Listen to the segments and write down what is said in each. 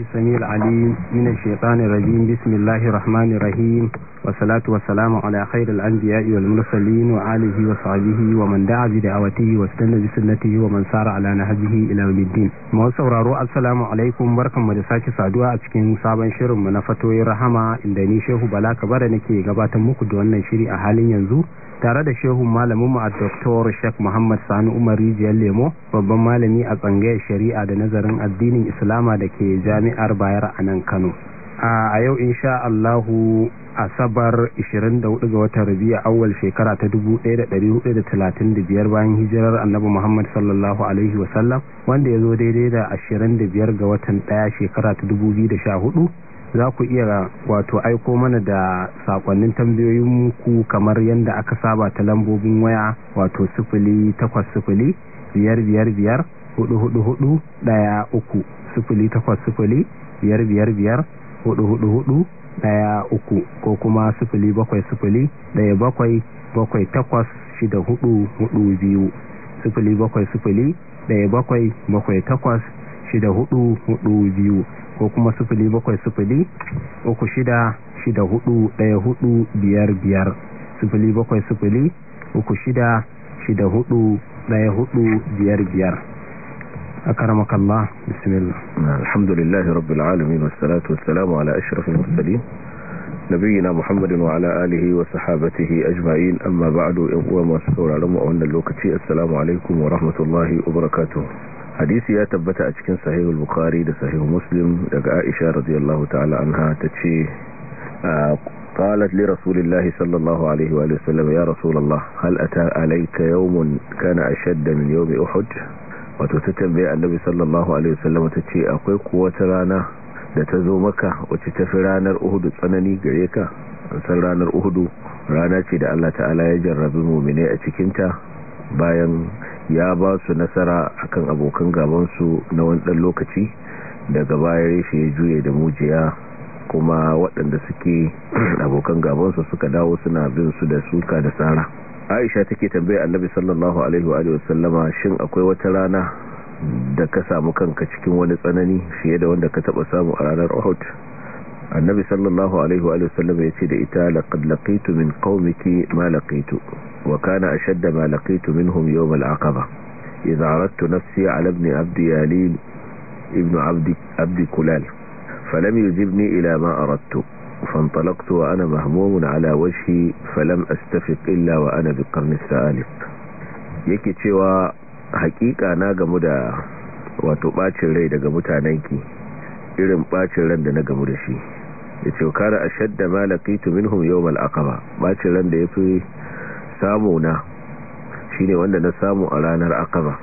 السميع العليم من الشيطان الرجيم بسم الله الرحمن الرحيم والصلاة والسلام على خير الأنبياء والمرسلين وآله وصحبه ومن دعا بدعوته واستنى بسنته ومن سار على نهجه إلى يوم الدين ما sauraro assalamu alaikum barkanmu da sake saduwa a cikin sabon shirin mu na fatoyin rahama inda ni Shehu Bala Kabara nake gabatar muku da wannan shiri a halin yanzu tare da shehun malamin mu a Dr. Sheikh Muhammad Sani Umar Rijiyar Lemo babban malami a tsangayar shari'a da nazarin addinin Islama da ke Jami'ar Bayar a nan Kano. A yau insha Allahu Asabar 24 ga watan a awwal shekara ta 1435 bayan hijirar Annabi Muhammad sallallahu alaihi wasallam wanda ya zo daidai da 25 ga watan 1 shekara ta 2014 za ku iya wato aiko mana da sakonnin tambayoyin ku kamar yadda aka saba ta lambobin waya wato sufuli takwas sufuli biyar biyar biyar hudu hudu hudu daya uku sufuli takwas sufuli biyar biyar biyar hudu hudu hudu daya uku ko kuma sufuli bakwai sufuli daya bakwai bakwai takwas shida hudu hudu biyu sufuli bakwai sufuli daya bakwai bakwai takwas shida hudu hudu biyu ko kuma sufili bakwai uku shida shida hudu daya hudu biyar biyar sufili bakwai uku shida shida hudu daya hudu biyar biyar akaramaka Allah bismillah alhamdulillahi rabbil alamin wassalatu wassalamu ala ashrafil mursalin nabiyina muhammadin wa ala alihi wa sahabatihi ajma'in amma ba'du in uwa masu sauraron mu a wannan lokaci assalamu alaikum wa rahmatullahi wa barakatuh hadisi ya tabbata a cikin sahihul bukhari da sahihu muslim daga aisha radiyallahu ta'ala anha tace قالت لرسول الله صلى الله hal واله وسلم يا رسول الله هل اتى عليك يوم كان اشد من يوم احد وتتبع النبي صلى الله عليه وسلم تتي akwai kuwa ta rana da ta zo maka wace ta fi ranar uhud tsanani gare ka san ranar uhud rana ce da Allah ta'ala ya jarrabi muminai a cikinta bayan ya ba su nasara akan abokan gabansu na wani ɗan lokaci daga baya shi ya juye da mujiya kuma waɗanda suke abokan gabansu suka dawo suna bin su da suka da tsara aisha take tambaye annabi sallallahu alaihi wa sallama shin akwai wata rana da ka samu kanka cikin wani tsanani fiye da wanda ka taɓa samu a ranar Uhud النبي صلى الله عليه وآله وسلم يتشد إتا لقد لقيت من قومك ما لقيت وكان أشد ما لقيت منهم يوم العقبة إذا عرضت نفسي على ابن عبد ياليل ابن عبد, عبد كلال فلم يجبني إلى ما أردت فانطلقت وأنا مهموم على وجهي فلم أستفق إلا وأنا بقرن الثالث يكي تشوى حقيقة ناغ مدى وتباتش ريدك متانيكي irin bacin ran da na gamu da shi ya ce kana ashadda ma laqitu minhum yawm al-aqaba bacin ran da yafi samu na shine wanda na samu a ranar aqaba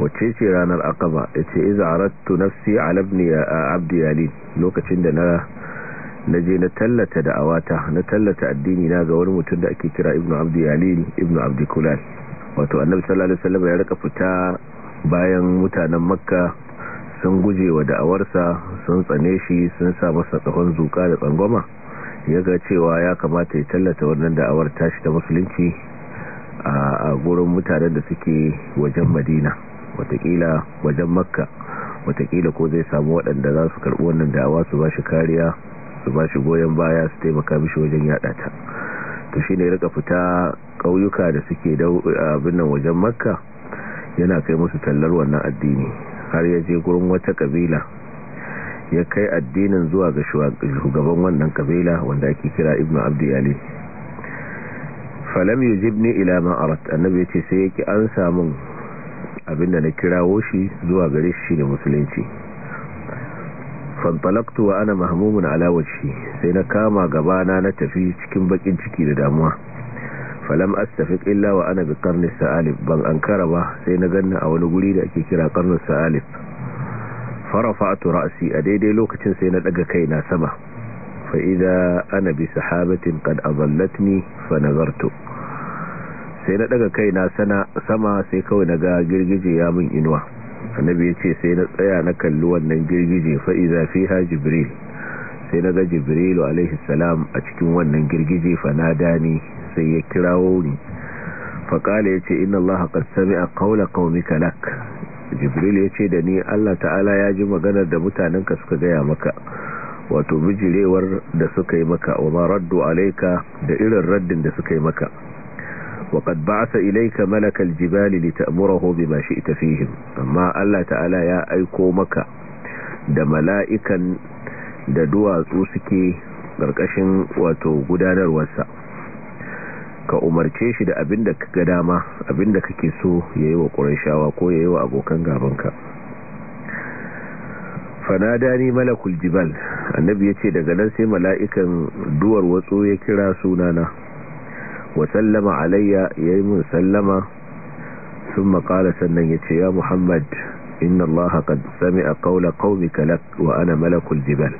wace ce ranar aqaba yace iza aradtu nafsi ala ibni abdi yalin lokacin da na naje na tallata da'awata na tallata addini na ga wani mutum da ake kira ibnu abdi ibnu abdi kulal wato annabi sallallahu alaihi wasallam ya rika fita bayan mutanen makka sun wa da'awarsa sun tsane shi sun sa masa tsahon zuka da tsangwama ya ga cewa ya kamata ya tallata wannan da'awar tashi ta musulunci a gurin mutanen da suke wajen madina watakila wajen makka watakila ko zai samu waɗanda za su karɓi wannan da'awa su ba shi kariya su ba shi goyon baya su taimaka mishi wajen yaɗa ta to shi ne rika fita ƙauyuka da suke abin nan wajen makka yana kai musu tallar wannan addini har ya je gurin wata kabila ya kai addinin zuwa ga shugaban wannan kabila wanda ake kira ibnu abdi ali falam yujibni ila ma arat annabi ce sai yake an samu abinda na kirawo shi zuwa gare shi da musulunci fantalaqtu wa ana mahmumun ala wajhi sai na kama gabana na tafi cikin bakin ciki da damuwa falam astafiq illa wa ana bi qarni sa'alib ban ankara ba sai na ganna a wani guri da ake kira qarni sa'alib farafa'tu ra'si a daidai lokacin sai na daga kaina sama fa idza ana bi sahabatin qad adallatni fa nazartu sai na daga kaina sana sama sai kawai naga girgije ya min inuwa annabi yace sai na tsaya na kalli wannan girgije fa idza fiha jibril sai na ga jibrilu alaihi salam a cikin wannan girgije fanada ni sai ya kirawo ni faƙala ya ce inna allaha qad a qawla qaumika lak jibril ya ce da ni allah ta'ala ya ji maganar da mutanenka suka gaya maka wato bijirewar da suka yi maka wa ma raddu alayka da irin raddin da suka yi maka wa qad ba'atha ilayka malaka aljibali lita'murahu shi shi'ta fihim amma Allah ta'ala ya aiko maka da mala'ikan da duwatsu suke karkashin wato gudanarwarsa ka umarce shi da abin da ga dama abin da kake so ya yi wa ƙuraishawa ko ya yi wa abokan gabanka fanadani malakul jibal annabi ya ce daga nan sai mala'ikan duwar watsu ya kira sunana wa sallama alayya ya yi mun sallama sun makala sannan ya ce ya muhammad inna allaha qad sami'a qawla qaumika lak wa ana malakul jibal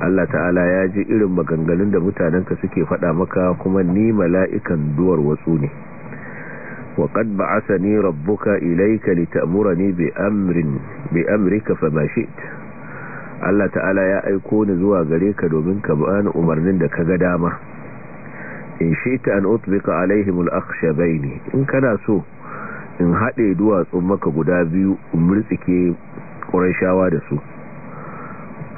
Allah ta'ala ya ji irin maganganun da mutanenka suke faɗa maka kuma ni mala'ikan duwar watsu ne wa qad ba'athani rabbuka ilayka litamurani bi amrin bi amrika fama shi't Allah ta'ala ya aiko ni zuwa gare ka domin ka bani umarnin da ka ga dama in shi'ta an utbika alaihim al akhshabain in kana so in hade duwatsun maka guda biyu in murtsike da su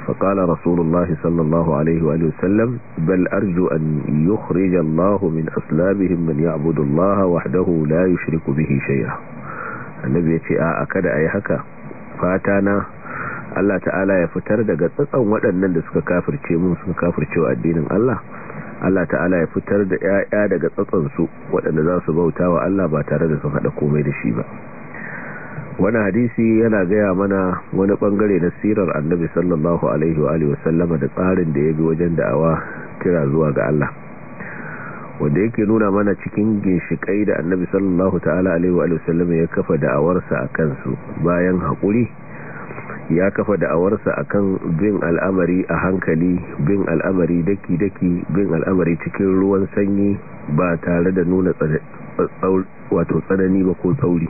فقال رسول الله صلى الله عليه وآله وسلم بل أرجو أن يخرج الله من أسلابهم من يعبد الله وحده لا يشرك به شيئا النبي يتي أكد أي هكا فاتانا Allah ta'ala ya fitar daga tsatsen waɗannan da suka kafirce mun suka kafirce wa addinin Allah Allah ta'ala ya fitar da ƴaƴa daga tsatsen su waɗanda za su bauta wa Allah ba tare da sun haɗa komai da shi ba wani hadisi yana gaya mana wani bangare na sirar annabi sallallahu alaihi wa alihi da tsarin da ya bi wajen da'awa kira zuwa ga Allah wanda yake nuna mana cikin ginshikai da annabi sallallahu ta'ala alaihi wa sallama ya kafa da'awarsa a kansu bayan haƙuri ya kafa da'awarsa akan bin al'amari a hankali bin al'amari daki-daki bin al'amari cikin ruwan sanyi ba tare da nuna wato tsanani ba ko tsauri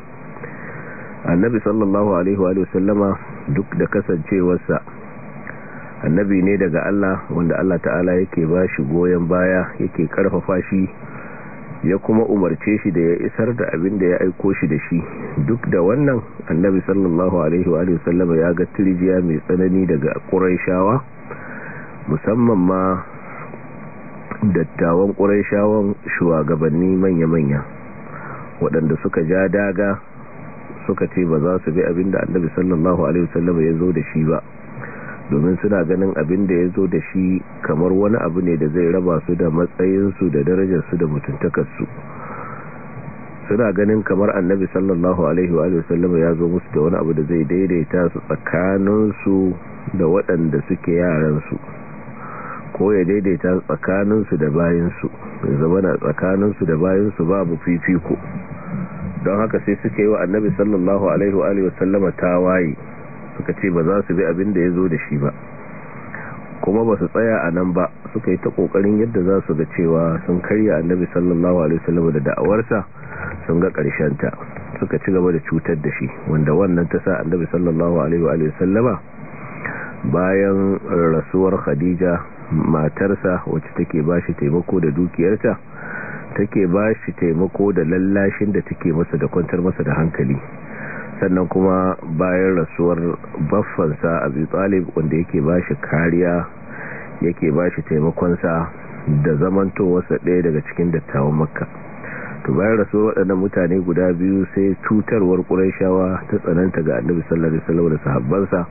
annabi sallallahu alaihi wa sallama duk da kasancewarsa annabi ne daga Allah wanda Allah ta'ala yake ba shi goyon baya yake karfafa shi ya kuma umarce shi da ya isar da abin da ya aiko shi da shi duk da wannan annabi sallallahu alaihi wa sallama ya ga tirjiya mai tsanani daga ƙuraishawa musamman ma dattawan ƙuraishawan shugabanni manya-manya waɗanda suka ja daga suka ce ba za su bi abin da annabi sallallahu alaihi wasallam ya zo da shi ba domin suna ganin abin da ya zo da shi kamar wani abu ne da zai raba su da matsayinsu da darajarsu da mutuntakarsu suna ganin kamar annabi sallallahu alaihi wasallam ya zo musu da wani abu da zai daidaita su tsakaninsu da waɗanda suke yaransu ko ya daidaita tsakaninsu da bayinsu zama na tsakaninsu da bayansu babu fifiko don haka sai suka yi wa annabi sallallahu alaihi wa alihi wasallama tawaye suka ce ba za su bi abin da ya zo da shi ba kuma ba su tsaya a nan ba suka yi ta kokarin yadda za su ga cewa sun karya annabi sallallahu alaihi wasallam da da'awarsa sun ga ta suka ci gaba da cutar da shi wanda wannan ta sa annabi sallallahu alaihi wa sallama bayan rasuwar khadija matarsa wacce take ba shi taimako da dukiyarta take ba shi taimako da lallashin da take masa da kwantar masa da hankali sannan kuma bayan rasuwar baffansa abu talib wanda yake ba shi kariya yake ba shi taimakonsa da zamantowarsa ɗaya daga cikin dattawan makka to bayan rasuwar waɗannan mutane guda biyu sai cutarwar shawa ta tsananta ga annabi sallallahu alaihi wasallam da sahabbansa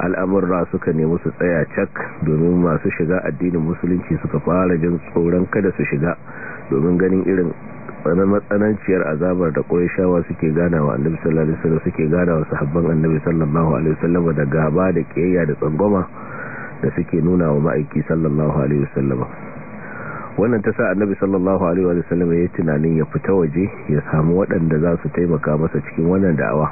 al'amurra suka nemi su tsaya cak domin masu shiga addinin musulunci suka fara jin tsoron kada su shiga domin ganin irin wani matsananciyar azabar da shawa suke ganawa annabi sallallahu alaihi wasallam suke ganawa sahabban annabi sallallahu alaihi wasallam da gaba da kiyayya da tsangwama da suke nuna wa ma'aiki sallallahu alaihi wasallam wannan ta sa annabi sallallahu alaihi wasallam ya tunanin ya fita waje ya samu waɗanda za su taimaka masa cikin wannan da'awa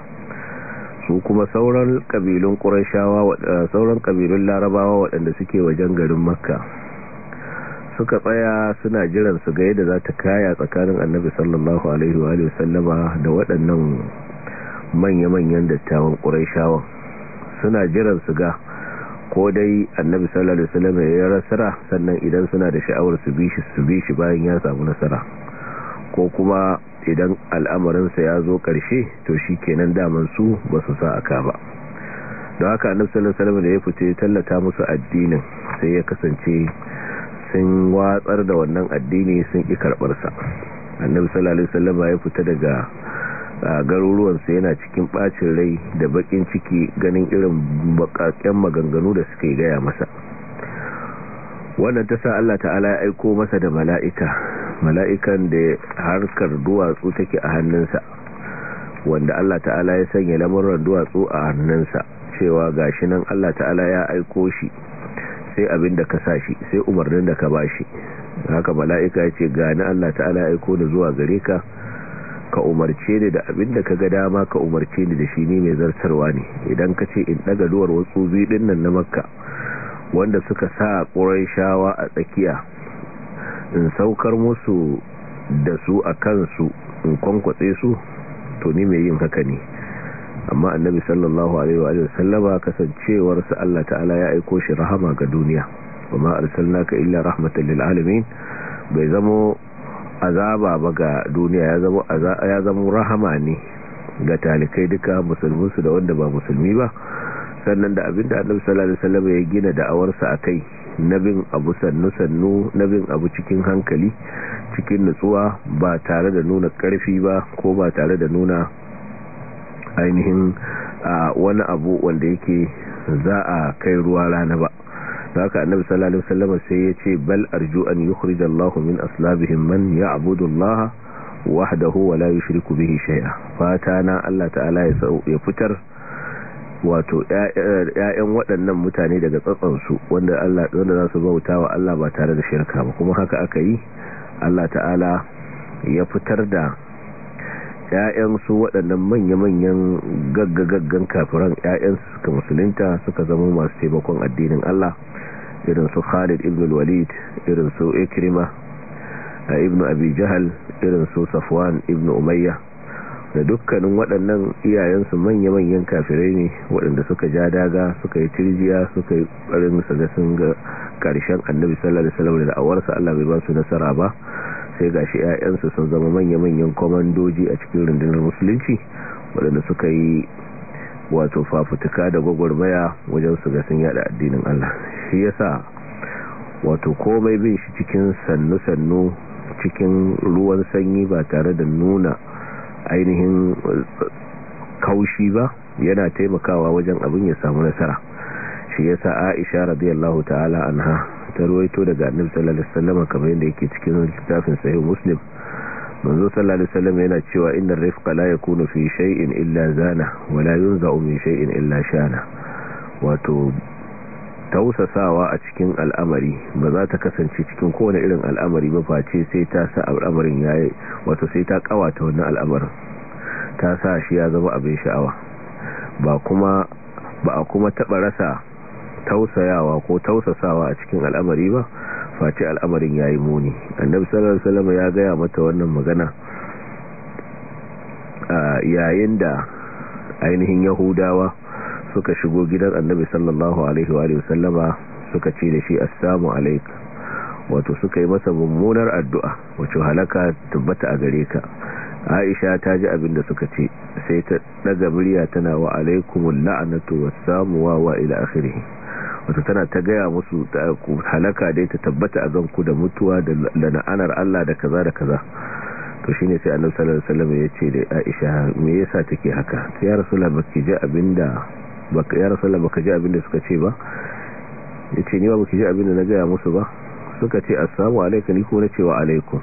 su kuma sauran kabilun ƙurashawa sauran kabilun larabawa waɗanda suke wajen garin makka suka tsaya suna jiran su ga yadda za ta kaya tsakanin annabi sallallahu alaihi wa sallama da waɗannan manya-manyan dattawan ƙuraishawan suna jiran su ga ko dai annabi sallallahu alaihi wasallam ya rasara sannan idan suna da sha'awar su bi shi su bi shi bayan ya samu nasara ko kuma idan al'amarin sa ya zo ƙarshe to shi kenan daman su ba su sa aka ba don haka annabi sallallahu alaihi wasallam da ya fice tallata musu addinin sai ya kasance sun watsar da wannan addini sun ƙi karɓarsa annabi sallallahu alaihi ya fita daga garuruwansa yana cikin bacin rai da bakin ciki ganin irin baƙaƙen maganganu da suke gaya masa wannan ta sa Allah ta'ala ya aiko masa da mala'ika mala'ikan da harkar duwatsu take a hannunsa wanda Allah ta'ala ya sanya lamuran duwatsu a hannunsa cewa gashi nan Allah ta'ala ya aiko shi sai abin da ka sa shi sai umarnin da ka ba shi haka mala'ika ya ce gani Allah ta'ala aiko da zuwa gare ka ka umarce ni da abin da ka ga dama ka umarce ni da shi ne mai zartarwa ne idan ka ce in ɗaga duwar wasu zuɗin nan na makka wanda suka sa ƙurai shawa a tsakiya in saukar musu da su a kansu in kwankwatse su to ni mai yin haka ne amma annabi sallallahu alaihi wa sallama kasancewar sa Allah ta'ala ya aiko shi rahama ga duniya kuma arsalnaka illa rahmatan lil alamin bai zamo azaba ba ga duniya ya zamo ya zamo rahama ne ga talikai duka musulmin su da wanda ba musulmi ba sannan da abinda annabi sallallahu alaihi wasallam ya gina da'awarsa akai nabin abu sannu sannu nabin abu cikin hankali cikin nutsuwa ba tare da nuna karfi ba ko ba tare da nuna ainihin wani abu wanda yake za a kai ruwa rana ba da haka annabi sallallahu alaihi sai ya ce bal arju an yukhrij Allahu min aslabihim man ya'budu Allah wahdahu wa la yushriku bihi shay'a fata na Allah ta'ala ya ya fitar wato ƴaƴan waɗannan mutane daga tsatsansu wanda Allah wanda za su bauta wa Allah ba tare da shirka ba kuma haka aka yi Allah ta'ala ya fitar da ‘ya'yansu waɗannan manya-manyan gaggagaggan kafiran ‘ya'yansu suka musulunta suka zama masu taimakon addinin Allah irin su Khalid ibn walid irin su Ikrima ibn Abi Jahal su Safwan ibn Umayya da dukkanin waɗannan iyayensu manya-manyan kafirai ne waɗanda suka ja daga suka yi tirjiya suka yi ƙarin ga sun ga ƙarshen annabi sallallahu alaihi wasallam da awarsa Allah bai ba su nasara ba sai shi ƴaƴansu sun zama manya-manyan komandoji a cikin rundunar musulunci waɗanda suka yi wato fafutuka da gwagwarmaya wajen su ga sun yada addinin Allah shi yasa wato komai bin shi cikin sannu-sannu cikin ruwan sanyi ba tare da nuna ainihin kaushi ba yana taimakawa wajen abin ya samu nasara shi yasa Aisha radiyallahu ta'ala anha ta ruwaito daga annabi sallallahu alaihi wasallam kamar yadda yake cikin littafin sahih muslim manzo sallallahu alaihi wasallam yana cewa innar rifqa la yakunu fi shay'in illa zana wa la yunza'u min shay'in illa shana wato tausasawa a cikin al'amari ba za ta kasance cikin kowane irin al'amari ba face sai ta sa al'amarin yayi wato sai ta kawata wannan al'amarin ta sa shi ya zama abin sha'awa ba kuma ba a kuma taɓa rasa tausayawa ko tausasawa a cikin al'amari ba face al'amarin yayi muni annabi sallallahu alaihi wasallam ya gaya mata wannan magana yayin da ainihin yahudawa suka shigo gidan annabi sallallahu alaihi wa sallama suka ce da shi assalamu alaikum wato suka yi masa mummunar addu'a wacce halaka tabbata a gare ka aisha ta ji abin da suka ce sai ta daga murya tana wa alaikumul la'anatu wassamu wa wa ila akhirih wato tana ta gaya musu halaka dai ta tabbata a ganku da mutuwa da na'anar Allah da kaza da kaza to shine sai annabi sallallahu alaihi wasallam ya ce da Aisha me yasa take haka sai ya rasulullah baki ji abinda baka ya rasulullah baka ji abinda suka ce ba yace ni ba baki ji abinda na gaya musu ba suka ce assalamu alaikum ni ko na ce wa alaikum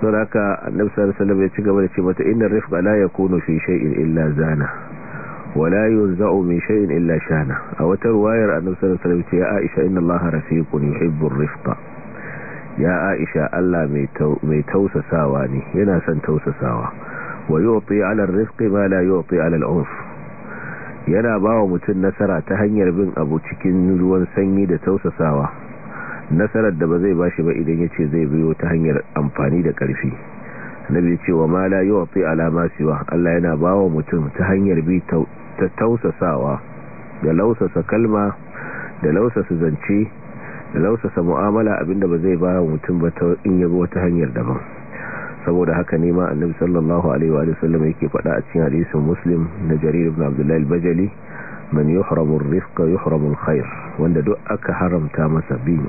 saboda haka annabi sallallahu alaihi wasallam ya ci gaba da ce mata inna rifqa la yakunu fi shay'in illa zana wala yunza'u min shay'in illa shana a wata ruwayar annabi sallallahu alaihi wasallam ya Aisha inna Allaha rafiqun yuhibbur rifqa ya Aisha Allah mai tausasawa ne yana son tausasawa wa yu'ti 'ala ar-rifqi ma la yu'ti 'ala al-'urf yana bawa mutum nasara ta hanyar bin abu cikin ruwan sanyi da tausasawa nasarar da ba zai bashi ba idan yace zai biyo ta hanyar amfani da karfi nabi cewa ma la yu'ti 'ala ma Allah yana bawa mutum ta hanyar bi ta tausasawa da lausasa kalma da lausasa zance da lausasa mu'amala abinda ba zai ba mutum ba ta in yabo wata hanyar daban saboda haka ne ma annabi sallallahu alaihi wa sallam yake faɗa a cikin hadisin muslim na jarir ibn abdullahi al-bajali man yuhramu ar-rifqa yuhramu al-khair wanda duk aka haramta masa bin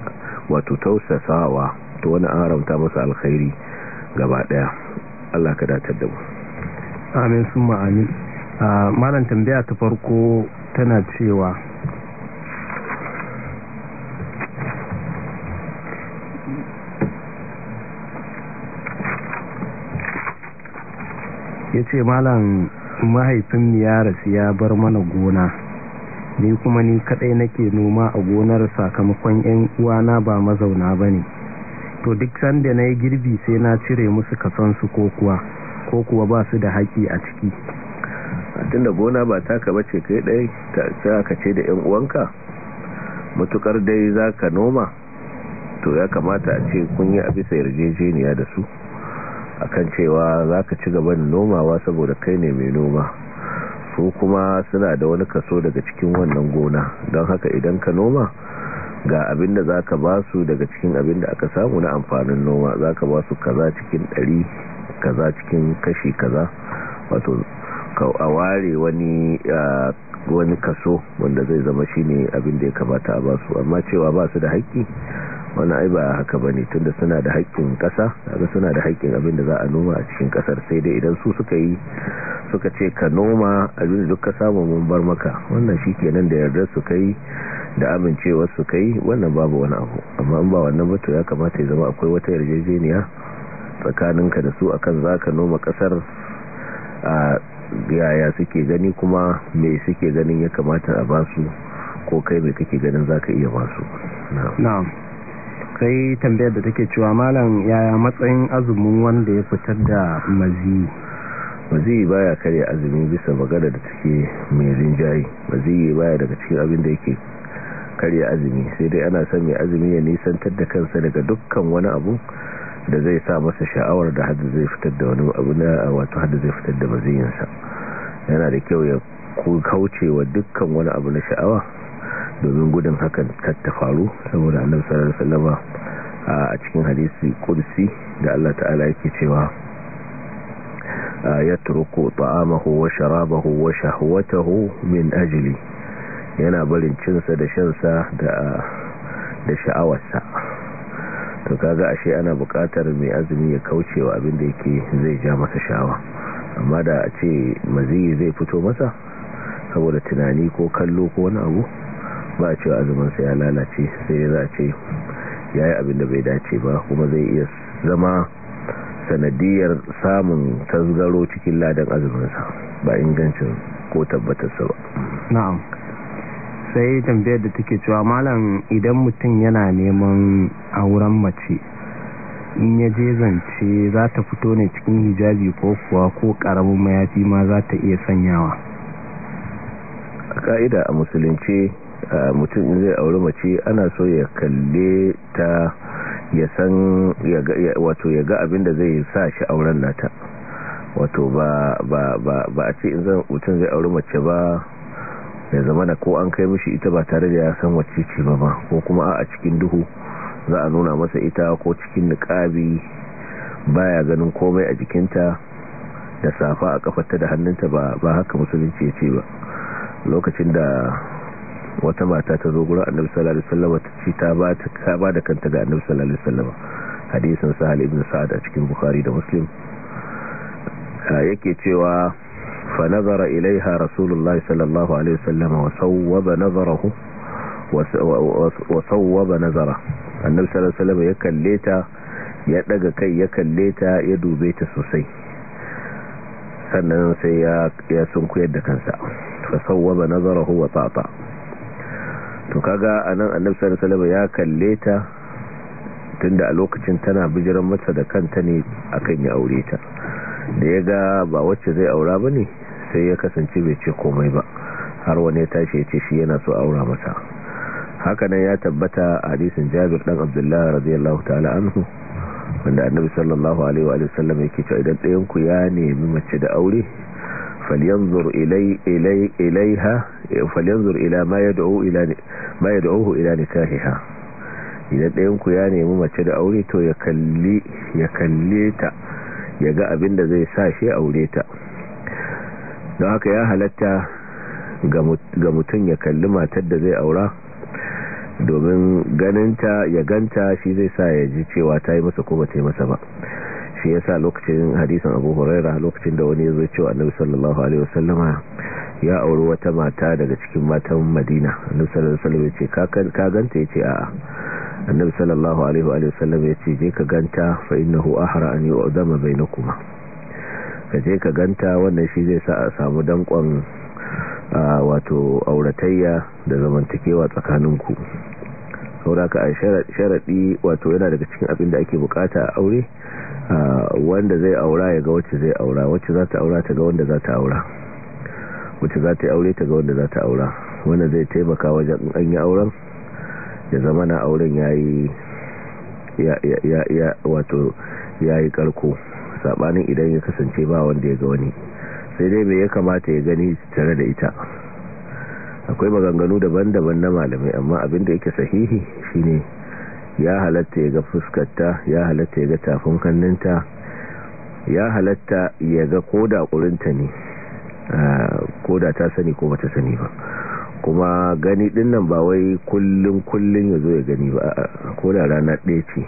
wato tausasawa to wani an haramta masa alkhairi gaba daya Allah ka da mu amin summa amin malam tambaya ta farko tana cewa ya ce malam mahaifin ya rasu ya bar mana gona ni kuma ni kadai nake noma a gonar sakamakon yan uwana ba mazauna ba ne to duk sanda na yi girbi sai na cire musu kasansu ko kuwa ko kuwa ba su da haƙi a ciki tunda gona ba taka bace kai ɗaya ta ka ce da 'yan uwanka matukar dai zaka noma to ya kamata a ce kun yi a bisa yarjejeniya da su akan cewa zaka ka ci gaban nomawa saboda kai ne mai noma su kuma suna da wani kaso daga cikin wannan gona don haka idan ka noma ga abin da za ka ba su daga cikin abin da aka samu na amfanin noma za ka ba su kaza cikin ɗari kaza cikin kashi kaza wato a ware wani wani kaso wanda zai zama shine abin da ya kamata a basu amma cewa ba su da haƙƙi wani ai ba haka ba ne tunda suna da haƙƙin ƙasa daga suna da haƙƙin abin da za a noma a cikin ƙasar sai dai idan su suka yi suka ce ka noma abin da duk samu mun bar maka wannan shi kenan da yardar su kai da amincewar su kai wannan babu wani abu amma in ba wannan ba to ya kamata ya zama akwai wata yarjejeniya tsakaninka da su akan za ka noma ƙasar a yaya suke gani kuma me suke ganin ya kamata a basu ko kai mai kake ganin za ka iya basu kai tambayar da take cewa malam yaya matsayin azumin wanda ya fitar da mazi mazi baya karya azumi bisa magana da take mai rinjayi mazi baya daga cikin abin da yake karya azumi sai dai ana son mai azumi ya nisantar da kansa daga dukkan wani abu da zai sa masa sha'awar da hada zai fitar da wani abu na wato hada zai fitar da maziyinsa yana da kyau ya kauce wa dukkan wani abu na sha'awa domin gudun hakan ta faru saboda annabi sallallahu salama a cikin hadisi kursi da Allah ta'ala yake cewa yatruku ta'amahu wa sharabahu wa shahwatahu min ajili yana barin cinsa da shansa da sha'awarsa to kaga ashe ana bukatar mai azumi ya kaucewa abin da yake zai ja masa shawa amma da a ce maziyi zai fito masa saboda tunani ko kallo ko wani abu ba a cewa azuminsa ya lalace sai za a ce ya yi abin da bai dace ba kuma zai iya zama sanadiyar samun tasgaro cikin ladan azuminsa ba ingancin ko tabbatarsa ba na'am sai tambayar da take cewa malam idan mutum yana neman auren mace in ya je zance za ta fito ne cikin hijabi ko kuwa ko karamin mayafi ma za ta iya sanyawa a ka'ida a musulunci mutum zai auri mace ana so ya kalle ta ya san wato ya ga abin da zai sa shi auren nata wato ba a ce in zan mutum zai auri mace ba ya zama na ko an kai mishi ita ba tare da ya san wacce ce ba ba ko kuma a cikin duhu za a nuna masa ita ko cikin niqabi baya ganin komai a jikinta da safa a kafarta da hannunta ba ba haka musulunci yace ba lokacin da wata mata ta zo gurin Annabi sallallahu alaihi wasallam ta ci ta ba da kanta ga Annabi sallallahu alaihi wasallam hadisin ibn Sa'ad a cikin Bukhari da Muslim yake cewa فنظر إليها رسول الله صلى الله عليه وسلم وصوب نظره وصوب نظره annabi sallallahu alaihi wasallam ya kalle ta ya daga kai ya kalle ta ya dube ta sosai sannan sai ya sunkuyar da kansa fa to kaga anan annabi sallallahu alaihi wasallam ya kalle ta tunda a lokacin tana bijiran masa da kanta ne akan ya aure ta da ya ga ba wacce zai aura ba ne sai ya kasance bai ce komai ba har wani ya tashi ya ce shi yana so aura masa hakanan ya tabbata a hadisin jabir dan abdullahi radiyallahu ta'ala anhu wanda annabi sallallahu alaihi wa sallam yake cewa idan ɗayan ku ya nemi mace da aure falyanzur ilai ilai ilaiha falyanzur ila ma yad'u ila ma yad'uhu ila nikahiha idan ɗayan ku ya nemi mace da aure to ya kalli ya kalle ta ya ga abin da zai sa shi aure ta don haka ya halatta ga mutum ya kalli matar da zai aura domin ganinta ya ganta shi zai sa ya ji cewa ta yi masa kuma ta yi masa ba shi ya sa lokacin hadisan abu huraira lokacin da wani ya zo cewa annabi sallallahu alaihi wasallama ya auri wata mata daga cikin matan madina annabi sallallahu alaihi wasallama ya ce ka ganta ya ce a'a annabi sallallahu alaihi wa sallam ya ce je ka ganta fa innahu ahra an yu'zama bainakuma ka je ka ganta wannan shi zai sa a samu dankon wato auratayya da zamantakewa tsakaninku saboda ka sharadi wato yana daga cikin abin da ake bukata a aure wanda zai aura ya ga wacce zai aura wacce za ta aura ta ga wanda za ta aura wacce za ta aure ta ga wanda za ta aura wanda zai taimaka wajen an yi auren ya zama na auren yayi ya ya wato yayi karko sabanin idan ya kasance ba wanda ya ga wani sai dai me ya kamata ya gani tare da ita akwai maganganu daban-daban na malamai amma abin da yake sahihi shine ya halatta ya ga fuskarta ya halatta ya ga tafin kanninta ya halatta ya ga koda kurinta ne ah, koda ta sani ko bata sani ba kuma gani din nan ba wai kullum kullum ya zo ya gani ba ko da rana ɗaya ce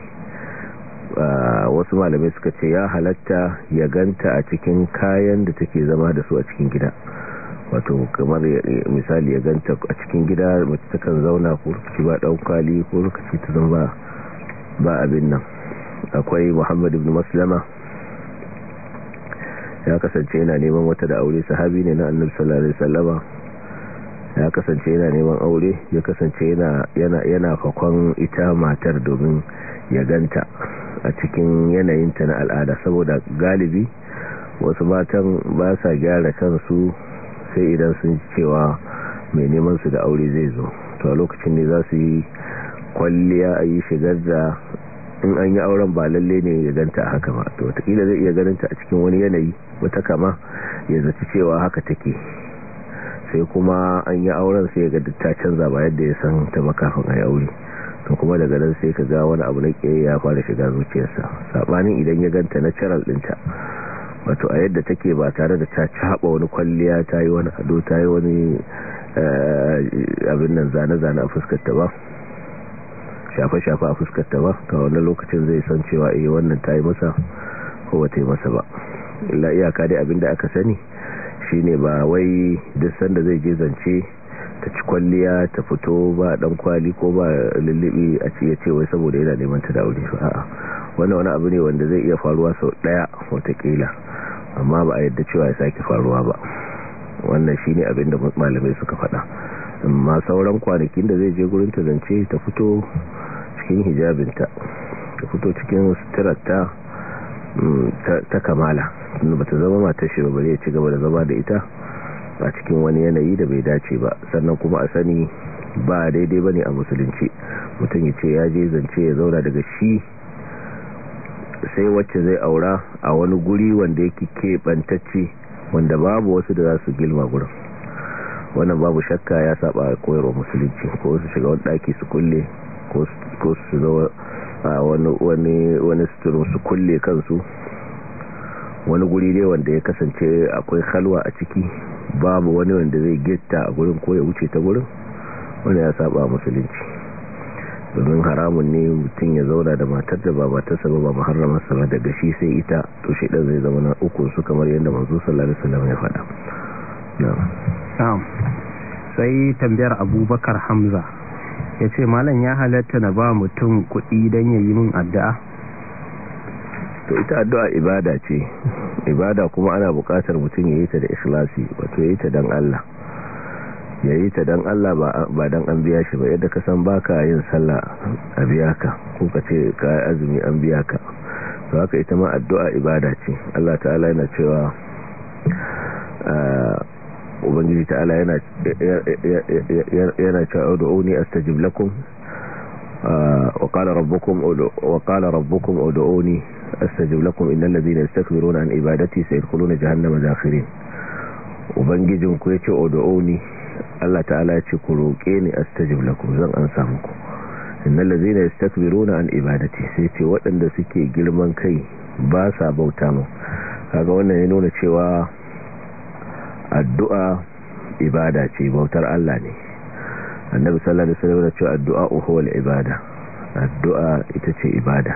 wasu malamai suka ce ya halatta ya ganta a cikin kayan da take zama da su a cikin gida wato kamar misali ya ganta a cikin gida mace ta kan zauna ko rikici ba ɗaukali ko rikici ta zama ba abin nan akwai muhammad ibn maslama ya kasance yana neman wata da aure sahabi ne na annabi sallallahu alaihi ya kasance yana neman aure ya kasance yana fakon ita matar domin ya ganta a cikin yanayinta na al'ada saboda galibi wasu matan ba sa gyara kansu sai idan sun cewa mai neman su da aure zai zo to a lokacin ne za su yi kwalliya a yi shigar da in an yi auren ba lalle ne ya ganta haka ba to watakila zai iya ganinta a cikin wani yanayi wata kama ya zaci cewa haka take sai kuma an yi auren sai ga dattacin ta canza ba yadda ya san ta makafin a yi aure to kuma daga nan sai ka ga wani abu na ke ya fara shiga zuciyarsa sabanin idan ya ganta na cirar dinta wato a yadda take ba tare da ta caba wani kwalliya ta yi wani ado ta yi wani eh, abin nan zane-zane a fuskarta ba shafa-shafa a fuskarta ba ta wani lokacin zai san cewa eh wannan ta yi masa ko ba ta yi masa ba illa iyaka dai abin da aka sani shine ba wai duk sanda zai je zance ta ci kwalliya ta fito ba dan kwali ko ba lullubi a ce ce wai saboda yana neman ta da aure a'a wannan wani abu ne wanda zai iya faruwa sau daya watakila amma ba a yadda cewa ya sake faruwa ba wannan shine abin da malamai suka faɗa amma sauran kwanakin da zai je gurin ta zance ta fito cikin hijabinta ta fito cikin suturarta mm, ta kamala tunda bata zama matar shi ba bare ya ci gaba da zama da ita a cikin wani yanayi da bai dace ba sannan kuma a sani ba daidai ba ne a musulunci mutum ya ce ya je zance ya zauna daga shi sai wacce zai aura a wani guri wanda yake keɓantacce wanda babu wasu da za su gilma gurin wannan babu shakka ya saba koyarwa musulunci ko su shiga wani ɗaki su kulle ko su zo wani wani wani su kulle kansu wani guri dai wanda ya kasance akwai halwa a ciki babu wani wanda zai getta a gurin ko ya wuce ta gurin wani ya saba musulunci domin haramun ne mutum ya zauna da matar da ba matarsa ba ba muharramarsa sama daga shi sai ita to shi dan zai zama na uku su kamar yadda manzo sallallahu alaihi ya faɗa na'am sai tambayar abubakar hamza ya ce malam ya halatta na ba mutum kuɗi don yayi yi min addu'a to ita addu'a ibada ce ibada kuma ana buƙatar mutum ya yi ta da ikhlasi wato ya yi ta dan Allah ya yi ta don Allah ba don an biya shi ba yadda ka san ba ka yin sallah a biya ka ko ka ce ka azumi an biya ka to haka ita ma addu'a ibada ce Allah ta'ala yana cewa ah, ubangiji ta'ala yana yana cewa da'uni astajib lakum وقال ربكم وقال ربكم ادعوني استجب لكم ان الذين يستكبرون عن عبادتي an جهنم داخرين jahannama dakhirin ubangijin ku yace ud'uni Allah ta'ala ya ce ku roƙe ni astajib lakum zan ansa muku innal ladhina yastakbiruna an ibadati sai ce waɗanda suke girman kai ba bauta mu kaga wannan ya nuna cewa addu'a ibada ce bautar Allah ne annabi sallallahu alaihi wasallam cewa addu'a huwa al-ibada addu'a ita ce ibada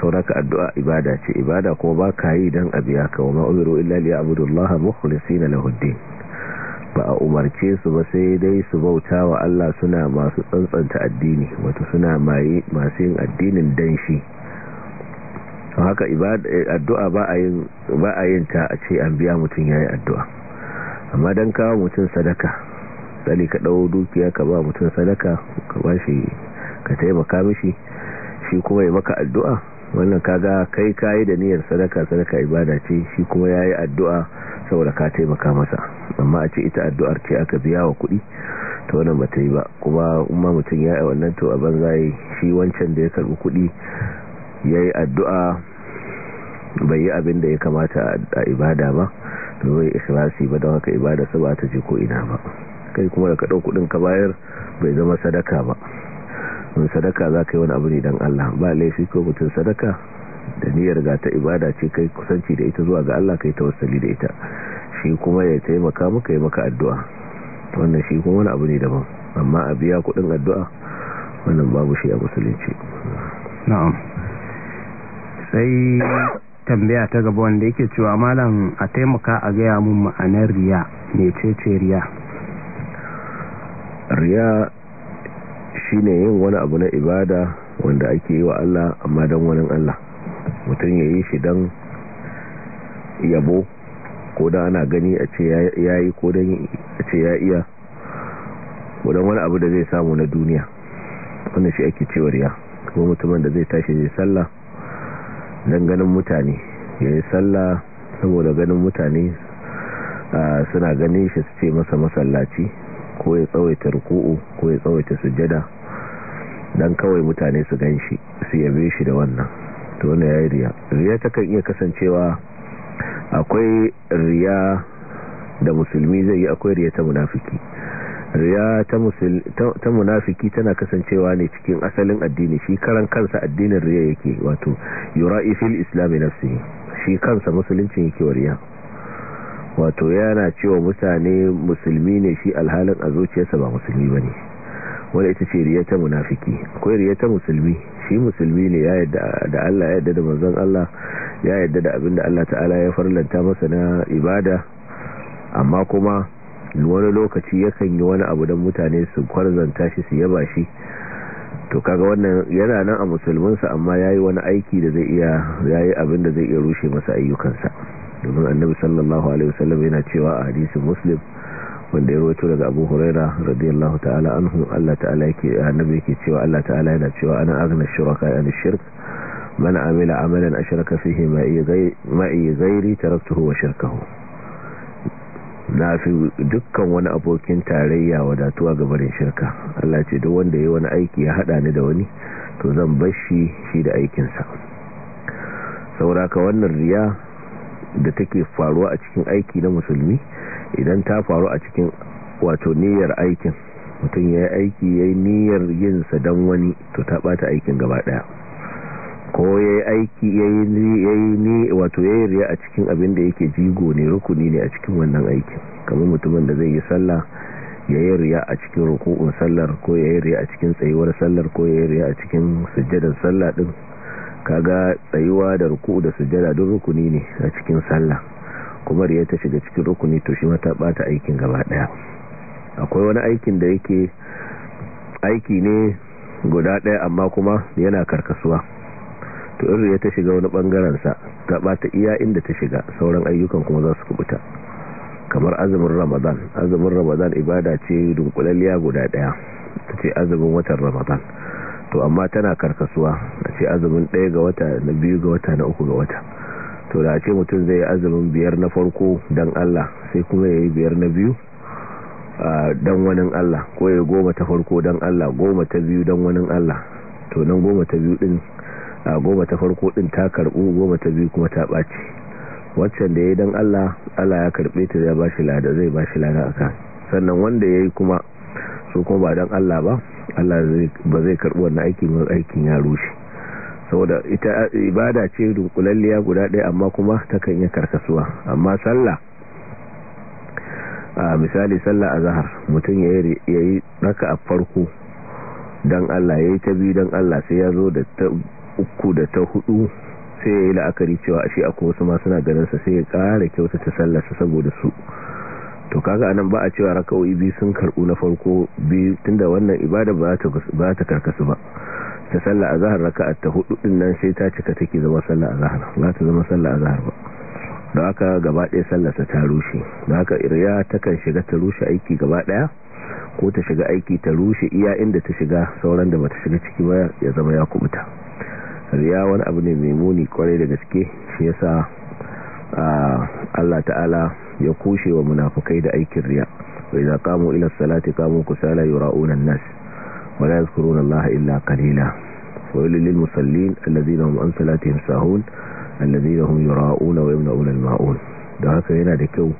sauraka addu'a ibada ce ibada ko ba ka yi dan abiya ka wa ma'umiru illa liya'budullaha mukhlisina lahu ad ba a umarce su ba sai dai su bauta wa Allah suna masu tsantsanta addini wato suna masu yin addinin danshi haka addu'a ba a yin ta a ce an biya mutum ya yi addu'a amma don kawo mutum sadaka misali ka dawo dukiya ka ba mutum sadaka ka ba shi ka taimaka mishi shi kuma ya maka addu'a wannan kaga kai kayi da niyyar sadaka sadaka ibada ce shi kuma yayi addu'a saboda ka taimaka masa amma a ce ita addu'ar ce aka biya wa kuɗi to wannan bata yi ba kuma umma mutum ya yi wannan to a banza shi wancan da ya karbi kuɗi ya yi addu'a bai yi abin da ya kamata a ibada ba domin ikhlasi ba don haka ibada sa ba ta je ko ina ba kai kuma da ka kuɗin ka bayar bai zama sadaka ba mun sadaka za ka yi wani abu ne don Allah ba laifi ko mutum sadaka da niyyar ga ta ibada ce kai kusanci da ita zuwa ga Allah kai ta wasali da ita shi kuma ya taimaka maka yi maka addu'a wannan shi kuma wani abu ne daban amma a biya kuɗin addu'a wannan babu shi a musulunci na'am sai tambaya ta gaba wanda yake cewa malam a taimaka a gaya mun ma'anar riya ce riya riya shine yin wani abu na ibada wanda ake yi wa Allah amma don wani Allah mutum ya yi shi don yabo ko da ana gani a ce ya yi ko don a ce ya iya ko don wani abu da zai samu na duniya wanda shi ake cewa riya ko mutumin da zai tashi zai salla don ganin mutane ya yi sallah saboda ganin mutane ah, suna ganin shi su ce masa masallaci ko ya tsawaita ruku'u ko ya tsawaita sujada dan kawai mutane su gan su yabe shi da wannan to wannan yayi riya riya ta kan iya kasancewa akwai riya da musulmi zai yi akwai riya ta munafiki riya ta munafiki tana kasancewa ne cikin asalin addini shi karan kansa addinin riya yake wato yura'i fil islam nafsihi shi kansa musulunci yake wa wato yana cewa mutane musulmi ne shi alhalin a zuciyarsa ba musulmi ba ne wani ita ce riyata munafiki akwai ta musulmi shi musulmi ne ya yadda da Allah ya yadda da manzon Allah ya yadda da abinda Allah ta'ala ya farlanta masa na ibada amma kuma wani lokaci yakan yi wani abu don mutane su kwarzanta shi su yaba shi to kaga wannan yana nan a musulminsa amma ya yi wani aiki da zai iya yayi abin da zai iya rushe masa ayyukansa domin annabi sallallahu alaihi wasallam yana cewa a hadisin muslim wanda ya rawaito daga Abu Huraira radiyallahu ta'ala anhu Allah ta'ala yake annabi yake cewa Allah ta'ala yana cewa ana aghna shuraka an shirk man amila amalan ashraka fihi ma'i ghairi taraktuhu wa shirkahu na fi dukkan wani abokin tarayya wadatuwa ga barin shirka Allah ce duk wanda yayi wani aiki ya hada ni da wani to zan bar shi shi da aikin sa sauraka wannan riya da take faruwa a cikin aiki na musulmi idan ta faru a cikin wato niyyar aikin mutum ya yi aiki ya yi niyyar yinsa don wani to ta bata aikin gaba daya ko ya yi aiki ya yi ni wato ya yi riya a cikin abin da yake jigo ne rukuni ne a cikin wannan aikin kamar mutumin da zai yi sallah ya yi riya a cikin rukun sallar ko ya yi riya a cikin tsayuwar sallar ko ya yi riya a cikin sujjadar sallah din kaga tsayuwa da ruku da sujada duk rukuni ne a cikin sallah kuma riya ta shiga cikin rukuni to shi mata bata aikin gaba daya akwai wani aikin da yake aiki ne guda daya amma kuma yana karkasuwa to irin ya ta shiga wani bangaren sa ta bata iya inda ta shiga sauran ayyukan kuma za su kubuta kamar azumin ramadan azumin ramadan ibada ce dunkulalliya guda daya ta ce azumin watan ramadan to amma tana karkasuwa a ce azumin ɗaya ga wata na biyu ga wata na uku ga wata to da ce mutum zai yi azumin biyar na farko don Allah sai kuma ya yi biyar na biyu don wani Allah ko ya goma ta farko don Allah goma ta biyu don wani Allah to nan goma ta biyu a goma ta farko ɗin ta karɓu goma ta biyu kuma ta ɓaci waccan da ya yi don Allah Allah ya karɓe ta zai ba shi lada zai ba shi lada a sannan wanda ya yi kuma su kuma ba don Allah ba Allah ba zai karɓi wannan aikin ba aikin ya rushe saboda ita ibada ce dunkulalliya guda ɗaya amma kuma takan iya karkasuwa amma sallah a misali sallah a zahar mutum ya yi raka a farko don Allah ya yi ta biyu don Allah sai ya zo da ta uku da ta hudu sai ya yi la'akari cewa ashe akwai wasu masu na ganinsa sai ya ƙara ta sallarsa saboda su to kaga anan ba a cewa raka'o'i biyu sun karbu na farko biyu tunda wannan ibada ba ta karkasu ba ta sallah azhar raka'at ta hudu din nan sai ta cika take zama sallah azhar ba ta zama sallah azhar ba don haka gaba ɗaya sallarsa ta rushe don haka irya kan shiga ta rushe aiki gaba ɗaya ko ta shiga aiki ta rushe iya inda ta shiga sauran da bata shiga ciki ba ya zama ya kubuta riya wani abu ne mai muni kwarai da gaske shi yasa ah, Allah ta'ala ya kushe wa munafukai da aikin riya wa idza qamu ila salati qamu kusala yura'una an-nas wa la yadhkuruna allaha illa qalila wa lil musallin alladhina hum an salatihim sahun alladhina hum yura'una wa yamna'una al-ma'un da haka yana da kyau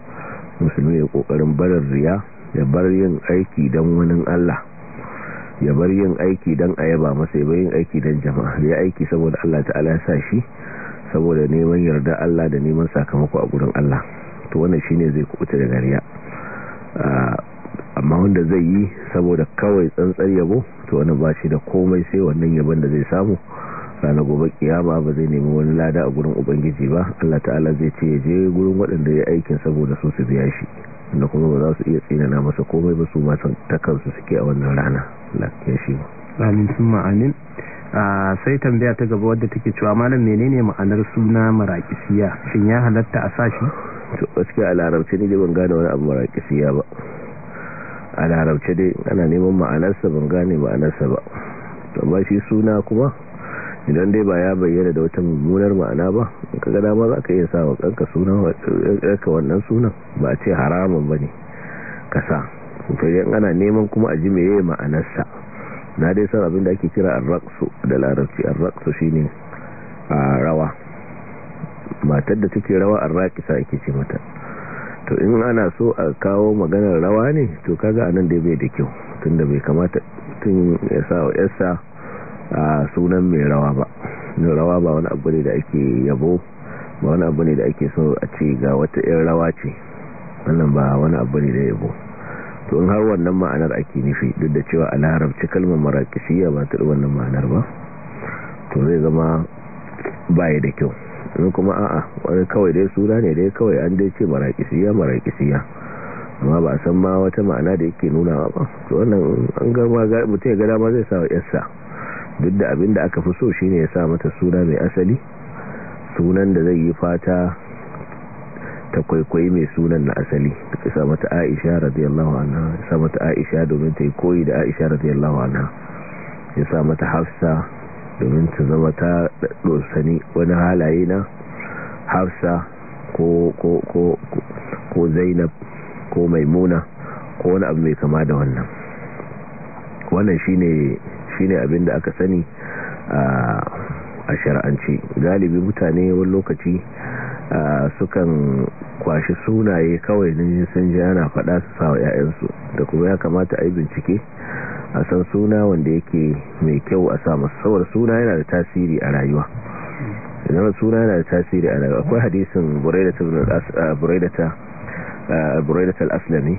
musulmi ya kokarin barin riya ya bar yin aiki dan wani Allah ya bar yin aiki dan ayaba masa ya bar yin aiki dan jama'a ya aiki saboda Allah ta'ala ya sa shi saboda neman yarda Allah da neman sakamako a gurin Allah to wannan shine zai kubuta da riya ah, amma wanda zai yi saboda kawai tsantsar yabo to wannan ba shi da komai sai wannan yabon da zai samu ranar gobe kiyama ba zai nemi wani lada a gurin ubangiji ba Allah ta'ala zai ce ya je gurin waɗanda ya aikin saboda su su biya shi inda kuma ba za su iya tsinana masa komai ba su masu takansu suke a wannan rana lafiya shi ba amin ah, sai tambaya ta gaba wadda take cewa malam menene ma'anar suna marakisiya shin ya halatta a sashi to gaskiya a larabci ne ban gane wani abu maraƙisiya ba a dai ana neman ma'anarsa ban gane ma'anarsa ba amma shi suna kuma idan dai ba ya bayyana da wata mummunar ma'ana ba ka gada ma za ka iya sa wa kanka wannan sunan ba a ce haramun ba ne kasa sa to ana neman kuma a ji meye ma'anarsa na dai san abin da ake kira arraqsu da larabci arraqsu shine a rawa matar da take rawa a raƙisa ake ce mata to in ana so a kawo maganar rawa ne to kaga anan dai bai da kyau tun da bai kamata tun ya sa wa yarsa a sunan mai rawa ba ne rawa ba wani abu ne da ake yabo ba wani abu ne da ake so a ce ga wata yan rawa ce wannan ba wani abu ne da yabo to in har wannan ma'anar ake nufi duk da cewa a larabci kalmar marakisiya ba ta wannan ma'anar ba to zai zama baya da kyau sun kuma a'a wani kawai dai suna ne dai kawai an dai ce marakisiya marakisiya amma ba a san ma wata ma'ana da yake nuna ba to wannan an gama mutum ya gada ma zai sa wa yarsa duk da abin da aka fi so shine ya sa mata suna mai asali sunan da zai yi fata ta kwaikwayi mai sunan na asali ya sa mata aisha radiyallahu anha ya sa mata aisha domin ta yi koyi da aisha radiyallahu anha ya sa mata hafsa domin ta zama ta dosani wani halaye na hafsa ko zainab ko maimuna ko wani abu mai kama da wannan wannan shine ne abin da aka sani a shara'anci galibi mutane wani lokaci sukan kwashi sunaye kawai ne sun ji ana faɗa su sawa 'ya'yansu da kuma ya kamata a yi bincike a san suna wanda yake mai kyau a samu saboda suna yana da tasiri a rayuwa idan suna yana da tasiri a rayuwa akwai hadisin buraidata al-aslami